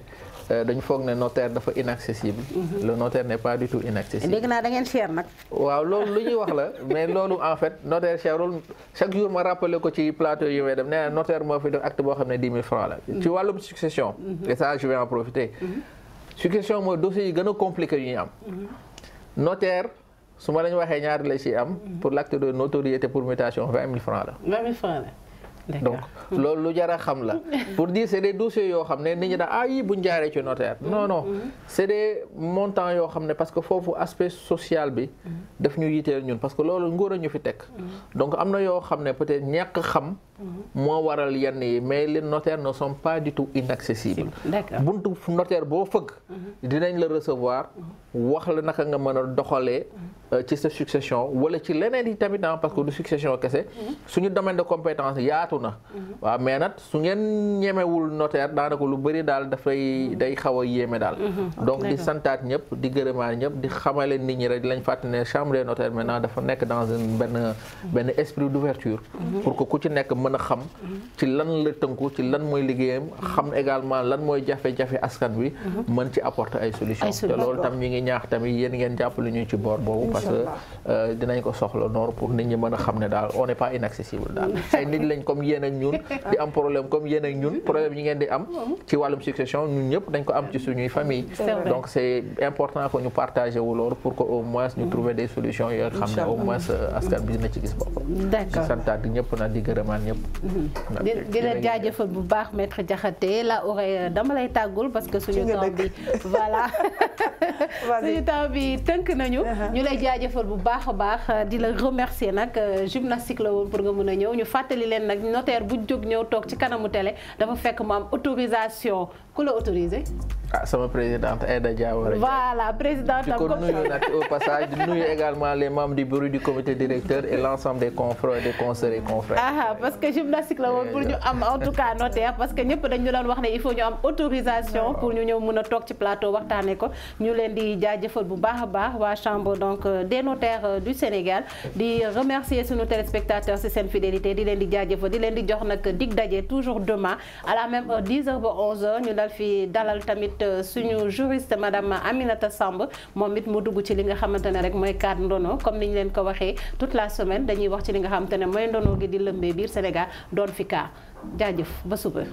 Speaker 2: euh, dañu foog ne notaire dafa inaccessible. Mhm. le notaire n'est pas du tout inaccessible. dégg
Speaker 1: naa da ngeen cher nag.
Speaker 2: waaw loolu lu wax la *laughs* mais loolu en fait notaire cherul chaque jour ma rappelé ko ci plateau yi may dem nee na notaire moo fi def acte boo xam ne dix mille francs la. Mhm. ci wàllum succession. Mhm. et ça je vais en profiter. succession mooy dossier yi gën compliqué yu ñu am. notaire su ma la ñu waxee ñaari la ci am. pour l'acte de notoriété pour mutation vingt mille francs la. donc loolu lu jar a xam la *laughs* pour dire c' est des dossiers yoo xam ne nit ñi daal ah yii buñ jaaree ci notaire mm-hmm. non non mm-hmm. c' est yoo xam ne parce que foofu aspect social bi mm-hmm. daf ñu yiteel ñun parce que loolu nguur a ñu fi teg donc am na yoo xam ne peut être ñàkk xam moo waral yenn yi mais les notaires ne sont pas du tout inaccessibles buntu notaire boo fëgg dinañ la recevoir wax la naka nga mën a doxalee euh, ci sa succession wala ci leneen yi tamit ah, parce que du succession kese suñu domaine yaatu na waaw mais nag su ngeen ñemewul notaire daanaka lu bëri daal dafay day xaw a yéeme daal mm-hmm. Mm-hmm. donc di santaat ñëpp di gërëmaat ñëpp di xamale nit ñi rek lañ fàtte ne chambre des notaires maintenant dafa nekk dans une benn benn esprit d'ouverture mm-hmm. pour que ku ci nekk mën a xam ci lan la tënku ci lan mooy liggéeyam xam également lan mooy jafe-jafe askan bi mën ci apporter ay solution te loolu tam ñu ngi ñaax tamit yéen ngeen jàppale ñu ci boor boobu parce que euh, dinañ ko soxla noor pour nit ñi mën a xam ne daal on comme yéen ak ñun *laughs* di am problème comme yéen ak ñun problème yi ngeen di am mm-hmm. ci wàllum succession ñun ñëpp dañ ko am ci suñuy famille donc c'est important que ñu partager pour que au moins ñu trouver des solutions yoo xam ne au moins euh, askan bi dina ci gis bopp d'accord santaat ñëpp nag di gërëmaan ñëpp mm-hmm. di la
Speaker 1: bu baax maître Diakhaté la oreille euh, dama lay tàggul parce que suñu *laughs* *laughs* temps bi tënk nañu uh-huh. ñu lay jaajëfal bu baax a baax di remercier nag euh, gymnastique a notaire bu jóg ñëw toog ci kanamu tele dafa fekk mu am autorisation ku la autorisé.
Speaker 2: ah sama présidente Aïda Diawara. voilà présidente am comme nuyu nag passage nuyu également les membres du bureau du comité directeur et l'ensemble des confrères des conseillers et confrères.
Speaker 1: Ah, parce que gymnastique la woon pour ñu am en tout cas notaire ah, parce que ñëpp dañu doon wax ne il faut ñu am autorisation. pour ñu ñëw mun a toog ci plateau waxtaanee ko ñu leen di jaajëfal bu baax a baax waa chambre donc euh, des notaires euh, du Sénégal di remercier sunu téléspectateurs ci seen fidélité di leen di jaajëfal di leen di jox nag dig daje toujours demain dal fi dalal tamit euh, suñu juriste madame Aminata Samb moom it mu dugg ci li nga xamante ne rek mooy kaat ndono comme ni ñu leen ko waxee tout la semaine dañuy wax ci li nga xamante ne mooy ndono gi di lëmbee biir Sénégal doon fi kaa jaajëf ba suba